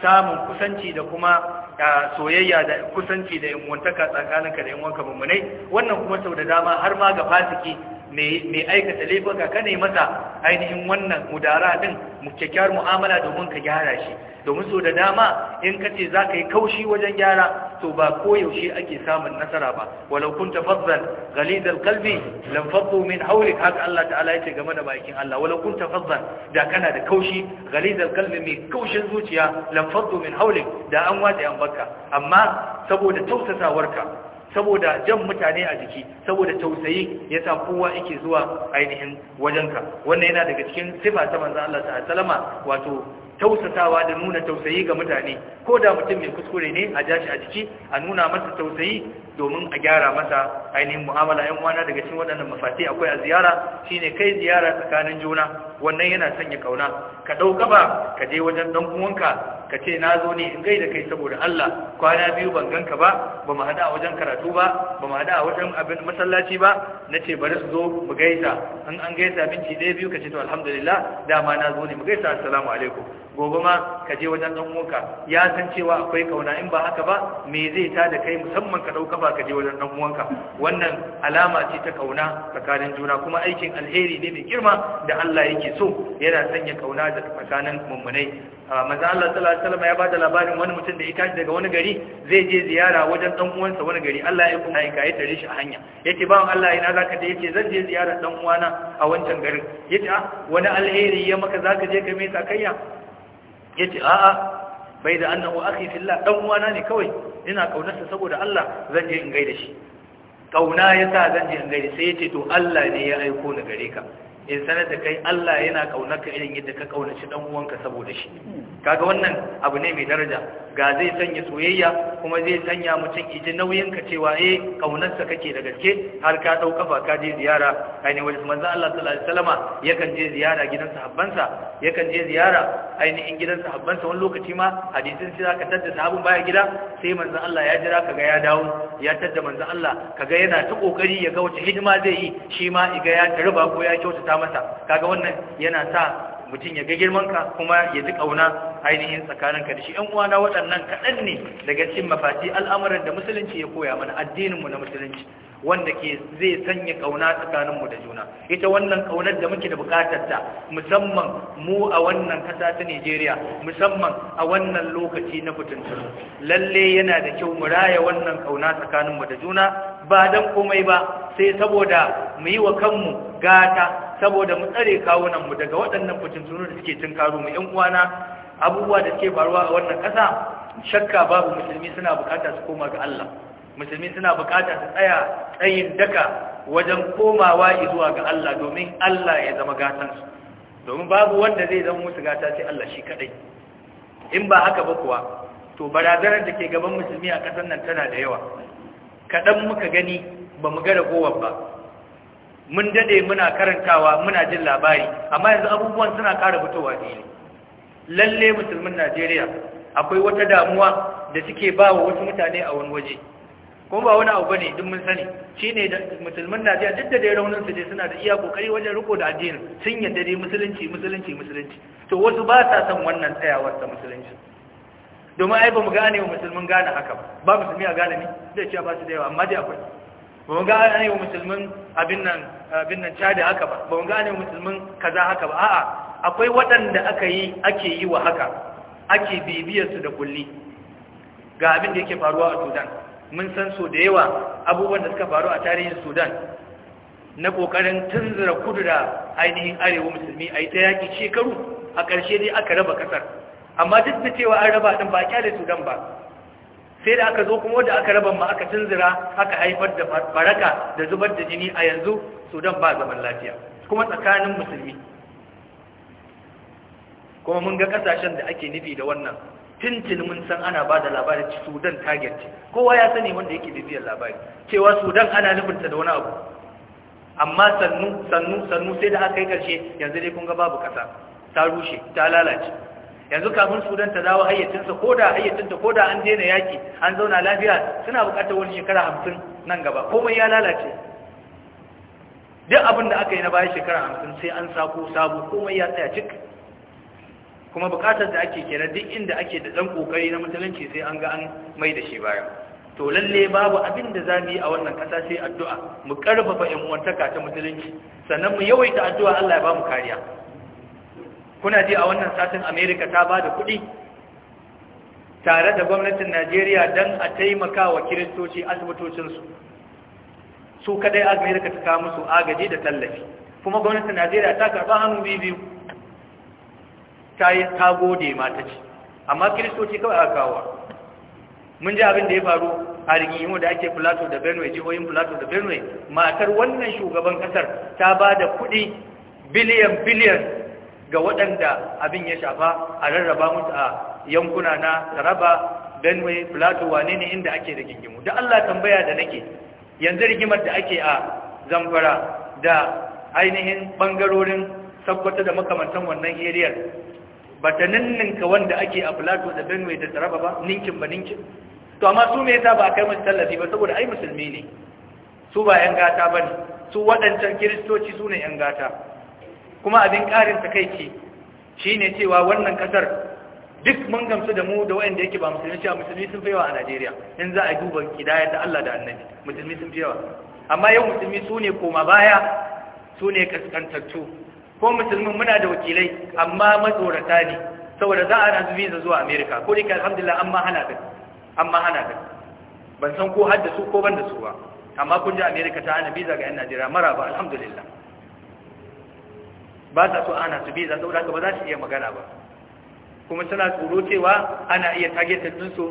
samun kusanci da kuma soyayya da kusanci da yan tsakaninka da yan wanka mummunai wannan kuma sau da dama har ma ga fasiki mai aikata laifuka ka ne masa ainihin wannan mudara din kyakkyawar mu'amala domin ka gyara shi domin so da dama in ka ce za ka yi kaushi wajen gyara to ba koyaushe ake samun nasara ba walau kun tafazzal galidar kalbi lamfaddu min haulik haka Allah ta'ala ya ce game da bakin Allah walau kun tafazzal da kana da kaushi galidar kalbi mai kaushin zuciya lamfaddu min haulik da an wata yan baka amma saboda tausasawarka saboda jan mutane a jiki saboda tausayi ya sa kowa yake zuwa ainihin wajenka wannan yana daga cikin sifa ta manzo Allah ta'ala sallama wato tausatawa da nuna tausayi ga mutane ko da mutum mai kuskure ne a jashi a jiki a nuna masa tausayi domin a gyara masa ainihin mu'amala yan uwana daga cikin waɗannan mafati akwai a ziyara shi ne kai ziyara tsakanin juna wannan yana sanya kauna ka ɗauka ba ka je wajen ɗan uwanka ka ce na zo ne in gaida kai saboda Allah kwana biyu ban ganka ba ba mu haɗu a wajen karatu ba ba mu haɗu a wajen abin masallaci ba na ce bari su zo mu gaisa in an gaisa binci ɗaya biyu ka ce to alhamdulillah dama na zo ne mu gaisa assalamu alaikum gobe ma ka je wajen dan uwanka ya san cewa akwai kauna in ba haka ba me zai ta da kai musamman ka dauka ba ka je wajen dan uwanka wannan alama ce ta kauna tsakanin juna kuma aikin alheri ne mai girma da Allah yake so yana sanya kauna da tsakanin mummunai manzo Allah sallallahu alaihi wasallam ya bada labarin wani mutum da ya tashi daga wani gari zai je ziyara wajen dan uwansa wani gari Allah ya kuma ya tare shi a hanya yace bawan Allah ina zaka je yace zan je ziyara dan uwana a wancan garin yace ah, wani alheri ya maka zaka je ka mai sakayya yace a'a bai da annahu akhi fillah dan uwana ne kawai ina ƙaunarsa saboda Allah zan je in gaida shi ƙauna yasa zan je in gaida sai yace to Allah ne ya aiko ni gare ka in sanar da kai Allah yana kaunarka irin yadda ka kaunaci dan uwanka saboda shi kaga wannan abu ne mai daraja ga zai sanya soyayya kuma zai sanya mutum iji nauyin ka cewa eh kaunarsa kake da gaske har ka dau kafa ka je ziyara ainihin wajen manzo Allah sallallahu alaihi wasallama yakan je ziyara gidan sahabbansa yakan je ziyara ainihin gidan sahabbansa wani lokaci ma hadisin sai zaka tadda sahabin baya gida sai manzo Allah ya jira kaga ya dawo ya tada manzo Allah kaga yana ta kokari ya ga wace hidima zai yi shi ma iga ya tarba ko ya kyautata mata kaga wannan yana sa mutum ya ga girman ka kuma ya ji ƙauna ainihin tsakaninka da shi ‘yan uwana waɗannan kaɗan ne daga cikin mafati al'amuran da musulunci ya koya mana addininmu na musulunci wanda ke zai sanya ƙauna tsakaninmu da juna ita wannan ƙaunar da muke da buƙatar ta musamman mu a wannan kasa ta Najeriya musamman a wannan lokaci na fitintunu lalle yana da kyau mu raya wannan ƙauna tsakaninmu da juna ba don komai ba sai saboda mu yi wa kanmu gata saboda mu tsare kawunan mu daga waɗannan fitintunu da suke cin karo mu yan uwana abubuwa da suke faruwa a wannan ƙasa shakka babu musulmi suna bukata su koma ga Allah musulmi suna bukata su tsaya tsayin daka wajen komawa zuwa ga Allah domin Allah ya zama su, domin babu wanda zai zama musu gata sai Allah shi kadai in ba haka ba kuwa to barazanar da ke gaban musulmi a ƙasar nan tana da yawa kaɗan muka gani ba mu ga ragowar ba mun dade muna karantawa muna jin labari amma yanzu abubuwan suna ƙara fitowa fili lalle musulmin Najeriya akwai wata damuwa da suke ba wa wasu mutane a wani waje kuma ba wani abu bane duk mun sani shine da musulmin Najeriya duk da dai raunin su dai suna da iya kokari wajen riko da addini sun yadda dai musulunci musulunci musulunci to wasu ba sa son wannan tsayawar ta musulunci domin ai ba mu gane wa musulmin gane haka ba musulmi a gane ne zai ce ba su da yawa amma dai akwai ba ga 'an yi wa musulmin abin nan cada haka ba ba ga 'an yi wa musulmin kaza haka ba a'a akwai waɗanda aka yi ake yi wa haka ake bibiyarsu da kulli ga abin da yake faruwa a sudan mun san so da yawa abubuwan da suka faru a tarihin sudan na kokarin tunzura kudu da ainihin arewa musulmi a yi ta yaki shekaru a ƙarshe dai aka raba ƙasar amma duk da cewa an raba ɗin ba a kyale sudan ba sai da aka zo kuma wadda aka raba ma aka tunzura aka haifar da baraka da zubar da jini a yanzu sudan ba zaman lafiya kuma tsakanin musulmi kuma mun ga kasashen da ake nufi da wannan tintin mun san ana ba da labarin sudan target kowa ya sani wanda yake bibiyar labari cewa sudan ana nufinta da wani abu amma sannu sannu sannu sai da aka yi karshe yanzu dai kun ga babu kasa ta rushe ta lalace yanzu kafin sudan ta dawo hayyacinsa ko da hayyacinta ko da an daina yaƙi, an zauna lafiya suna buƙatar wani shekara hamsin nan gaba komai ya lalace duk abin da aka yi na bayan shekara hamsin sai an sako sabo komai ya tsaya cik kuma buƙatar da ake kenan duk inda ake da ɗan ƙoƙari na musulunci sai an ga an mai da shi baya to lalle babu abin da za mu yi a wannan ƙasa sai addu'a mu ƙarfafa 'yan uwantaka ta musulunci sannan mu yawaita addu'a Allah ya ba mu kariya kuna ji a wannan satin america ta ba da kuɗi tare da gwamnatin najeriya don a taimaka wa kiristoci asibitocinsu su kadai america ta kawo musu agaji da tallafi kuma gwamnatin najeriya ta karba hannu biyu ta yi ta gode mata ce amma kiristoci kawai a kawo mun ji abin da ya faru a rigimu da ake plato da benue jihohin plato da benue matar wannan shugaban kasar ta ba da kuɗi biliyan biliyan ga waɗanda abin ya shafa a rarraba musu a yankuna na taraba benue plateau wane ne inda ake da gingimu da allah tambaya da nake yanzu rigimar da ake a zamfara da ainihin ɓangarorin sabbata da makamantan wannan eriyar ba ta ninninka wanda ake a plateau da benue da taraba ba ninkin ba ninkin to amma su me yasa ba a kai musu tallafi ba saboda ai musulmi ne su ba 'yan gata ba ne su waɗancan kiristoci su ne 'yan gata kuma abin ƙarin takaici shine cewa wannan ƙasar duk mun gamsu da mu da wayanda yake ba musulmi cewa musulmi sun fi yawa a Najeriya in za a duba kidaya ta Allah da Annabi musulmi sun fi yawa amma yau musulmi su ne koma baya su ne kaskantattu ko musulmin muna da wakilai amma matsorata ne saboda za a na visa zuwa Amerika, ko dai alhamdulillah amma hana ka amma hana ka ban san ko hadda su ko ban da su ba amma kun ji Amerika ta hana visa ga 'yan Najeriya maraba alhamdulillah ba za so ana su biza saboda haka ba za su iya magana ba kuma suna tsoro cewa ana iya tage tattunsu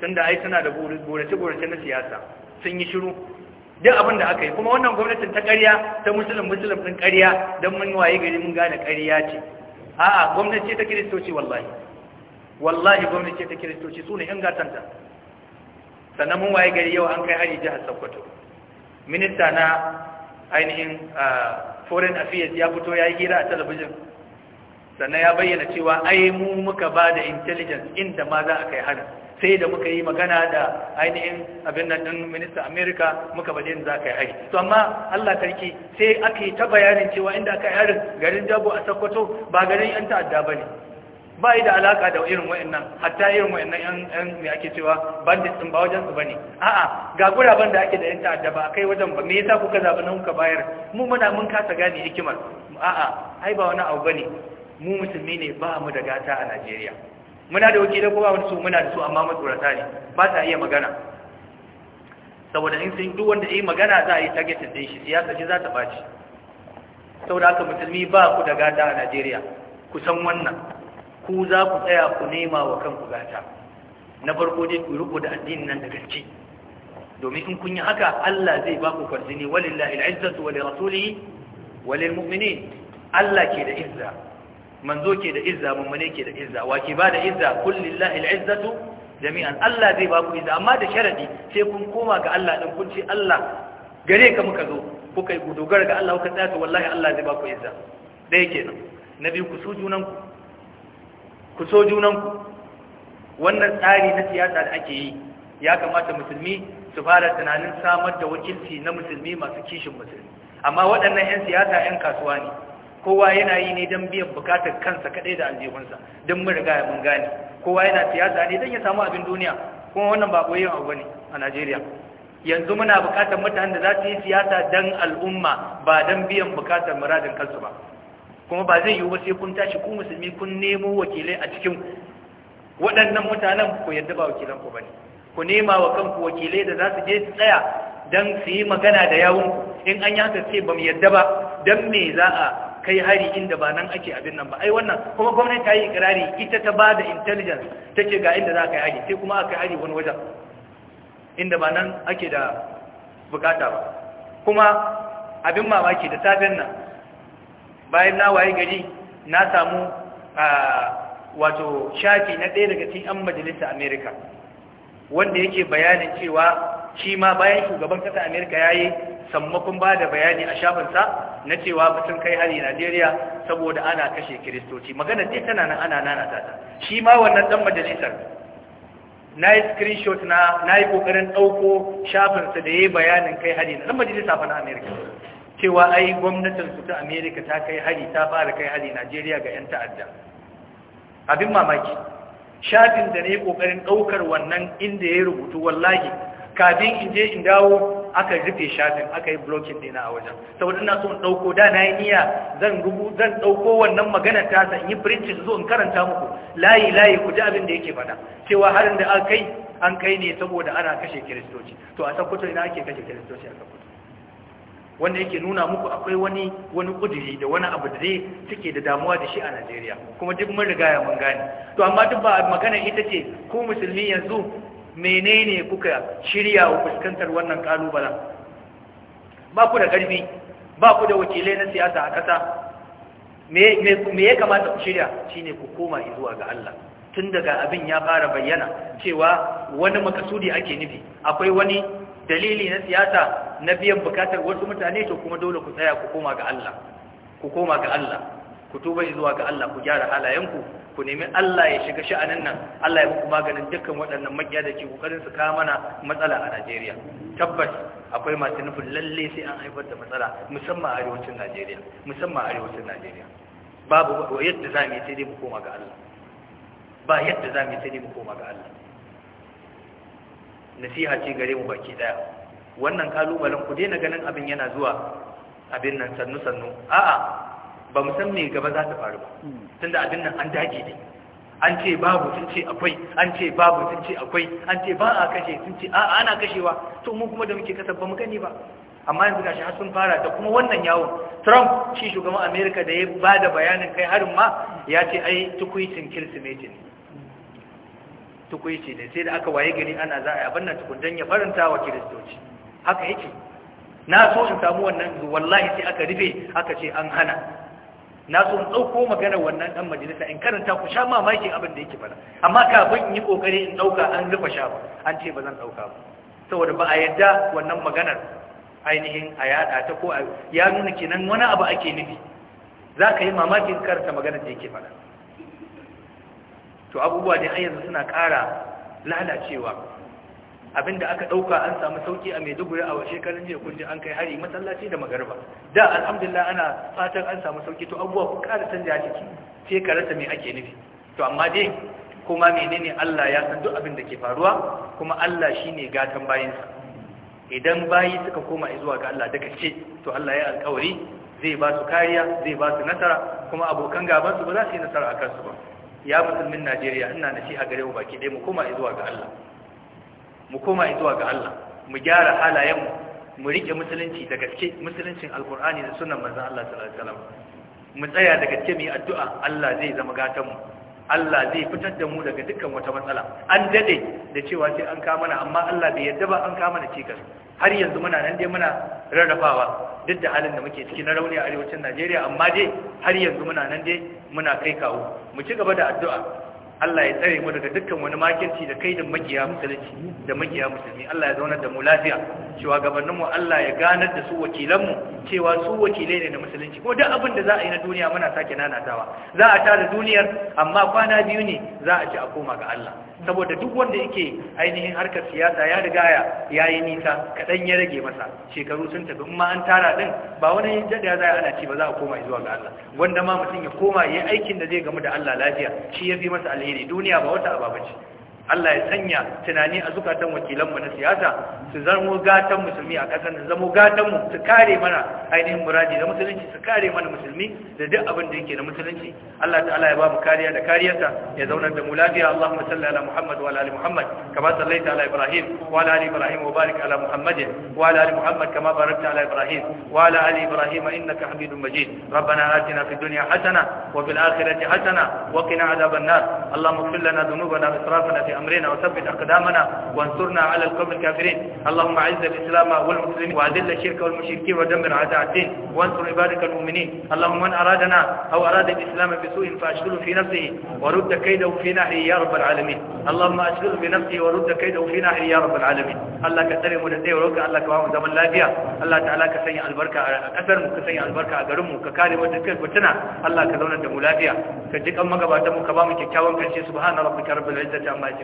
tun da ai suna da burace-burace na siyasa sun yi shiru duk abin da aka yi kuma wannan gwamnatin ta ƙarya ta musulun musulun ɗin ƙarya don mun waye gari mun gane ƙarya ce a'a gwamnati ce ta kiristoci wallahi wallahi gwamnati ce ta kiristoci su ne 'yan gatanta sannan mun waye gari yau an kai hari jihar sokoto minista na ainihin ah, foreign affairs ya fito ya yi hira a talabijin sannan ya bayyana cewa ai mu muka ba da intelligence inda ma za a kai hana sai da muka yi magana da ainihin abin nan ɗin minista amerika muka ba da za a kai hari to amma allah sarki sai aka yi ta bayanin cewa inda aka yi harin garin jabo a sokoto ba garin yan ta'adda ba ne ba yi da alaka da irin wa'annan hatta irin wa'annan yan yan me ake cewa bandit din ba wajen su bane a'a ga guraben da ake da yin ta'adda ba kai wajen ba me yasa kuka zaɓi nan kuka bayar mu muna mun kasa gane hikimar a'a ai ba wani abu bane mu musulmi ne ba mu da gata a Najeriya muna da wakilai ko ba wani su muna da su amma matsorata ne ba ta iya magana saboda in sun duk wanda yi magana za a yi targetin din shi siyasa ce za ta baci saboda haka musulmi ba ku da gata a Najeriya ku san wannan ku za ku tsaya ku nema wa kanku gata na farko dai ku riko da addinin nan da gaske domin in kun yi haka Allah zai ba ku farzini walillahi al'izzatu wa lirasulihi wa lilmu'minin Allah ke da izza manzo ke da izza mummune ke da izza wa ke ba da izza kullillahi al'izzatu jami'an Allah zai ba ku izza amma da sharadi sai kun koma ga Allah din kun ce Allah gare ka muka zo kuka yi dogara ga Allah kuka tsaya to wallahi Allah zai ba ku izza dai kenan na biyu ku su junanku. ku so junanku wannan tsari na siyasa da ake yi ya kamata musulmi su fara tunanin samar da wakilci na musulmi masu kishin musulmi amma waɗannan 'yan siyasa 'yan kasuwa ne kowa yana yi ne don biyan bukatar kansa kaɗai da aljihunsa don mun riga mun gane kowa yana siyasa ne don ya samu abin duniya kuma wannan ba koyon abu ne a Najeriya yanzu muna bukatar mutanen da za su yi siyasa don al'umma ba don biyan bukatar muradin kansu ba kuma ba zai yiwu ba sai kun tashi ku musulmi kun nemo wakilai a cikin waɗannan mutanen ku yadda ba wakilan ku bane ku nema wa kanku wakilai da za su je su tsaya don su yi magana da yawun in an yaka ce ba mu yadda ba don me za a kai hari inda ba nan ake abin nan ba ai wannan kuma gwamnati ta yi ikirari ita ta ba da intelligence take ga inda za ka yi hari sai kuma aka hari wani wajen inda ba nan ake da bukata ba kuma abin mamaki da safen nan bayan na waye gari na samu wato shafi na ɗaya daga cikin 'yan majalisa amerika wanda yake bayanin cewa shi ma bayan shugaban kasa amerika ya yi sammakon ba da bayani a shafinsa na cewa mutum kai hari najeriya saboda ana kashe kiristoci magana ce tana nan ana nana ta shi ma wannan ɗan majalisar na yi screenshot na na yi ƙoƙarin ɗauko shafinsa da ya yi bayanin kai hari na ɗan majalisa fa na amerika cewa ai gwamnatin su ta Amerika ta kai hari ta fara kai hari Najeriya ga 'yan ta'adda abin mamaki shafin da ne kokarin daukar wannan inda ya rubutu wallahi kafin in je in dawo aka rufe shafin aka yi blocking dina a wajen saboda ina so in dauko da na yi niyya zan rubu zan dauko wannan magana ta sa in yi printing zo in karanta muku layi layi ku ji abin da yake faɗa cewa harin da aka kai an kai ne saboda ana kashe kiristoci to a sakkwato ina ake kashe kiristoci a sakkwato wanda yake nuna muku akwai wani wani kudiri da wani abu da zai suke da damuwa da shi a Najeriya kuma duk mun riga ya mun gane to amma duk ba magana ita ce ko musulmi yanzu menene kuka shirya wa fuskantar wannan kalubalen ba ku da karfi ba ku da wakilai na siyasa a ƙasa me ya kamata ku shirya shine ku koma zuwa ga Allah tun daga abin ya fara bayyana cewa wani makasudi ake nufi akwai wani dalili na siyasa na biyan bukatar wasu mutane to kuma dole ku tsaya ku koma ga Allah ku koma ga Allah ku tuba zuwa ga Allah ku gyara halayenku ku nemi Allah ya shiga sha'anin nan Allah ya muku maganin dukkan waɗannan makiya da ke kokarin su kawo mana matsala a Najeriya tabbas akwai masu nufin lalle sai an haifar da matsala musamman a arewacin Najeriya musamman a arewacin Najeriya babu yadda za mu yi sai dai mu koma ga Allah ba yadda za mu yi sai dai mu koma ga Allah nasiha ce gare mu baki daya wannan kalubalen ku daina ganin abin yana zuwa abin nan sannu sannu a'a ba mu san me gaba za ta faru ba tunda abin nan an dage ne an ce babu sun ce akwai an ce babu sun ce akwai an ce ba a kashe sun ce a'a ana kashewa to mu kuma da muke kasar ba mu gani ba amma yanzu gashi har sun fara da kuma wannan yawon Trump shi shugaban Amerika da ya ba da bayanin kai harin ma ya ce ai tukuicin kirsimeti ne tukuici ne sai da aka waye gari ana za a yi abin nan tukun don ya faranta wa kiristoci haka yake na so in samu wannan wallahi sai aka rufe aka ce an hana na so in ɗauko maganar wannan ɗan majalisa in karanta ku sha mamakin abin da yake fara, amma kafin in yi ƙoƙari in ɗauka an rufe sha ba an ce ba zan ɗauka ba saboda ba a yadda wannan maganar ainihin a yaɗa ta ko ya nuna kenan wani abu ake nufi za ka yi mamakin karanta maganar da yake fara, to abubuwa dai har yanzu suna ƙara lalacewa abinda aka dauka an samu sauki a Maiduguri a shekarun jiya kun ji an kai hari masallaci da magarba da alhamdulillah ana fatan an samu sauki to abubuwa ku ƙara canja ciki sai ka rasa me ake nufi to amma dai kuma menene Allah ya san duk abin da ke faruwa kuma Allah shine gatan bayinsa idan bayi suka koma zuwa ga Allah da kace to Allah ya alƙawari zai ba su kariya zai ba su nasara kuma abokan gaban su ba za su yi nasara akan su ba ya musulmin Najeriya ina nasiha gare mu baki ɗaya mu koma zuwa ga Allah mu koma zuwa ga Allah mu gyara halayenmu mu rike musulunci da gaske musuluncin alkur'ani da sunan manzon Allah sallallahu alaihi wasallam mu tsaya da gaske mu yi addu'a Allah zai zama gatan mu Allah zai fitar da mu daga dukkan wata matsala an dade da cewa sai an kama mana amma Allah bai yarda ba an kama mana cikas har yanzu muna nan dai muna rarrafawa duk da halin da muke ciki na rauni a arewacin Najeriya amma dai har yanzu muna nan dai muna kai kawo mu ci gaba da addu'a Allah ya tsare mu daga dukkan wani makinci da kai da magiya musulunci da magiya musulmi Allah ya zauna da mu lafiya cewa gabanin mu Allah ya ganar da su wakilan mu cewa su wakilai ne na musulunci ko duk abin da za a yi na duniya muna sake nanatawa za a tada duniyar amma kwana biyu ne za a ci a koma ga Allah saboda duk wanda yake ainihin harkar siyasa ya riga ya yi nisa kaɗan ya rage masa shekaru sun tafi ma an tara ɗin ba wani jada za ana ci ba za a koma zuwa ga Allah wanda ma mutum ya koma ya aikin da zai gamu da Allah lafiya shi ya fi masa alheri duniya ba wata ababace Allah ya sanya tunani a zukatan wakilanmu na siyasa su zamo gatan musulmi a ƙasar nan zamo gatanmu su kare mana ainihin muradi da musulunci su kare mana musulmi da duk abin da yake da musulunci Allah ta'ala ya ba mu kariya da kariyarsa ya zaunar da mu lafiya Allahumma salli ala Muhammad wa ala Muhammad kama sallaita ala Ibrahim wa ala ali Ibrahim wa barik ala Muhammad wa ala ali Muhammad kama barakta ala Ibrahim wa ala ali Ibrahim innaka Hamidum Majid في أمرنا وثبت أقدامنا وانصرنا على القوم الكافرين اللهم أعز الإسلام والمسلمين وأذل الشرك والمشركين ودمر أعداء الدين وانصر عبادك المؤمنين اللهم من أرادنا أو أراد الإسلام بسوء فأشغله في نفسه ورد كيده في نحره يا رب العالمين اللهم أشغله بنفسه ورد كيده في نحره يا رب العالمين الله كتري مدده وروك الله كواه زمن لا بيا الله تعالى كسني البركة أثر كسني البركة أقرم ككاري وتكر وتنا الله كذونا دمولابيا كجيك أمك باتمك بامك كاوان كرشي سبحان ربك رب العزة عما يجب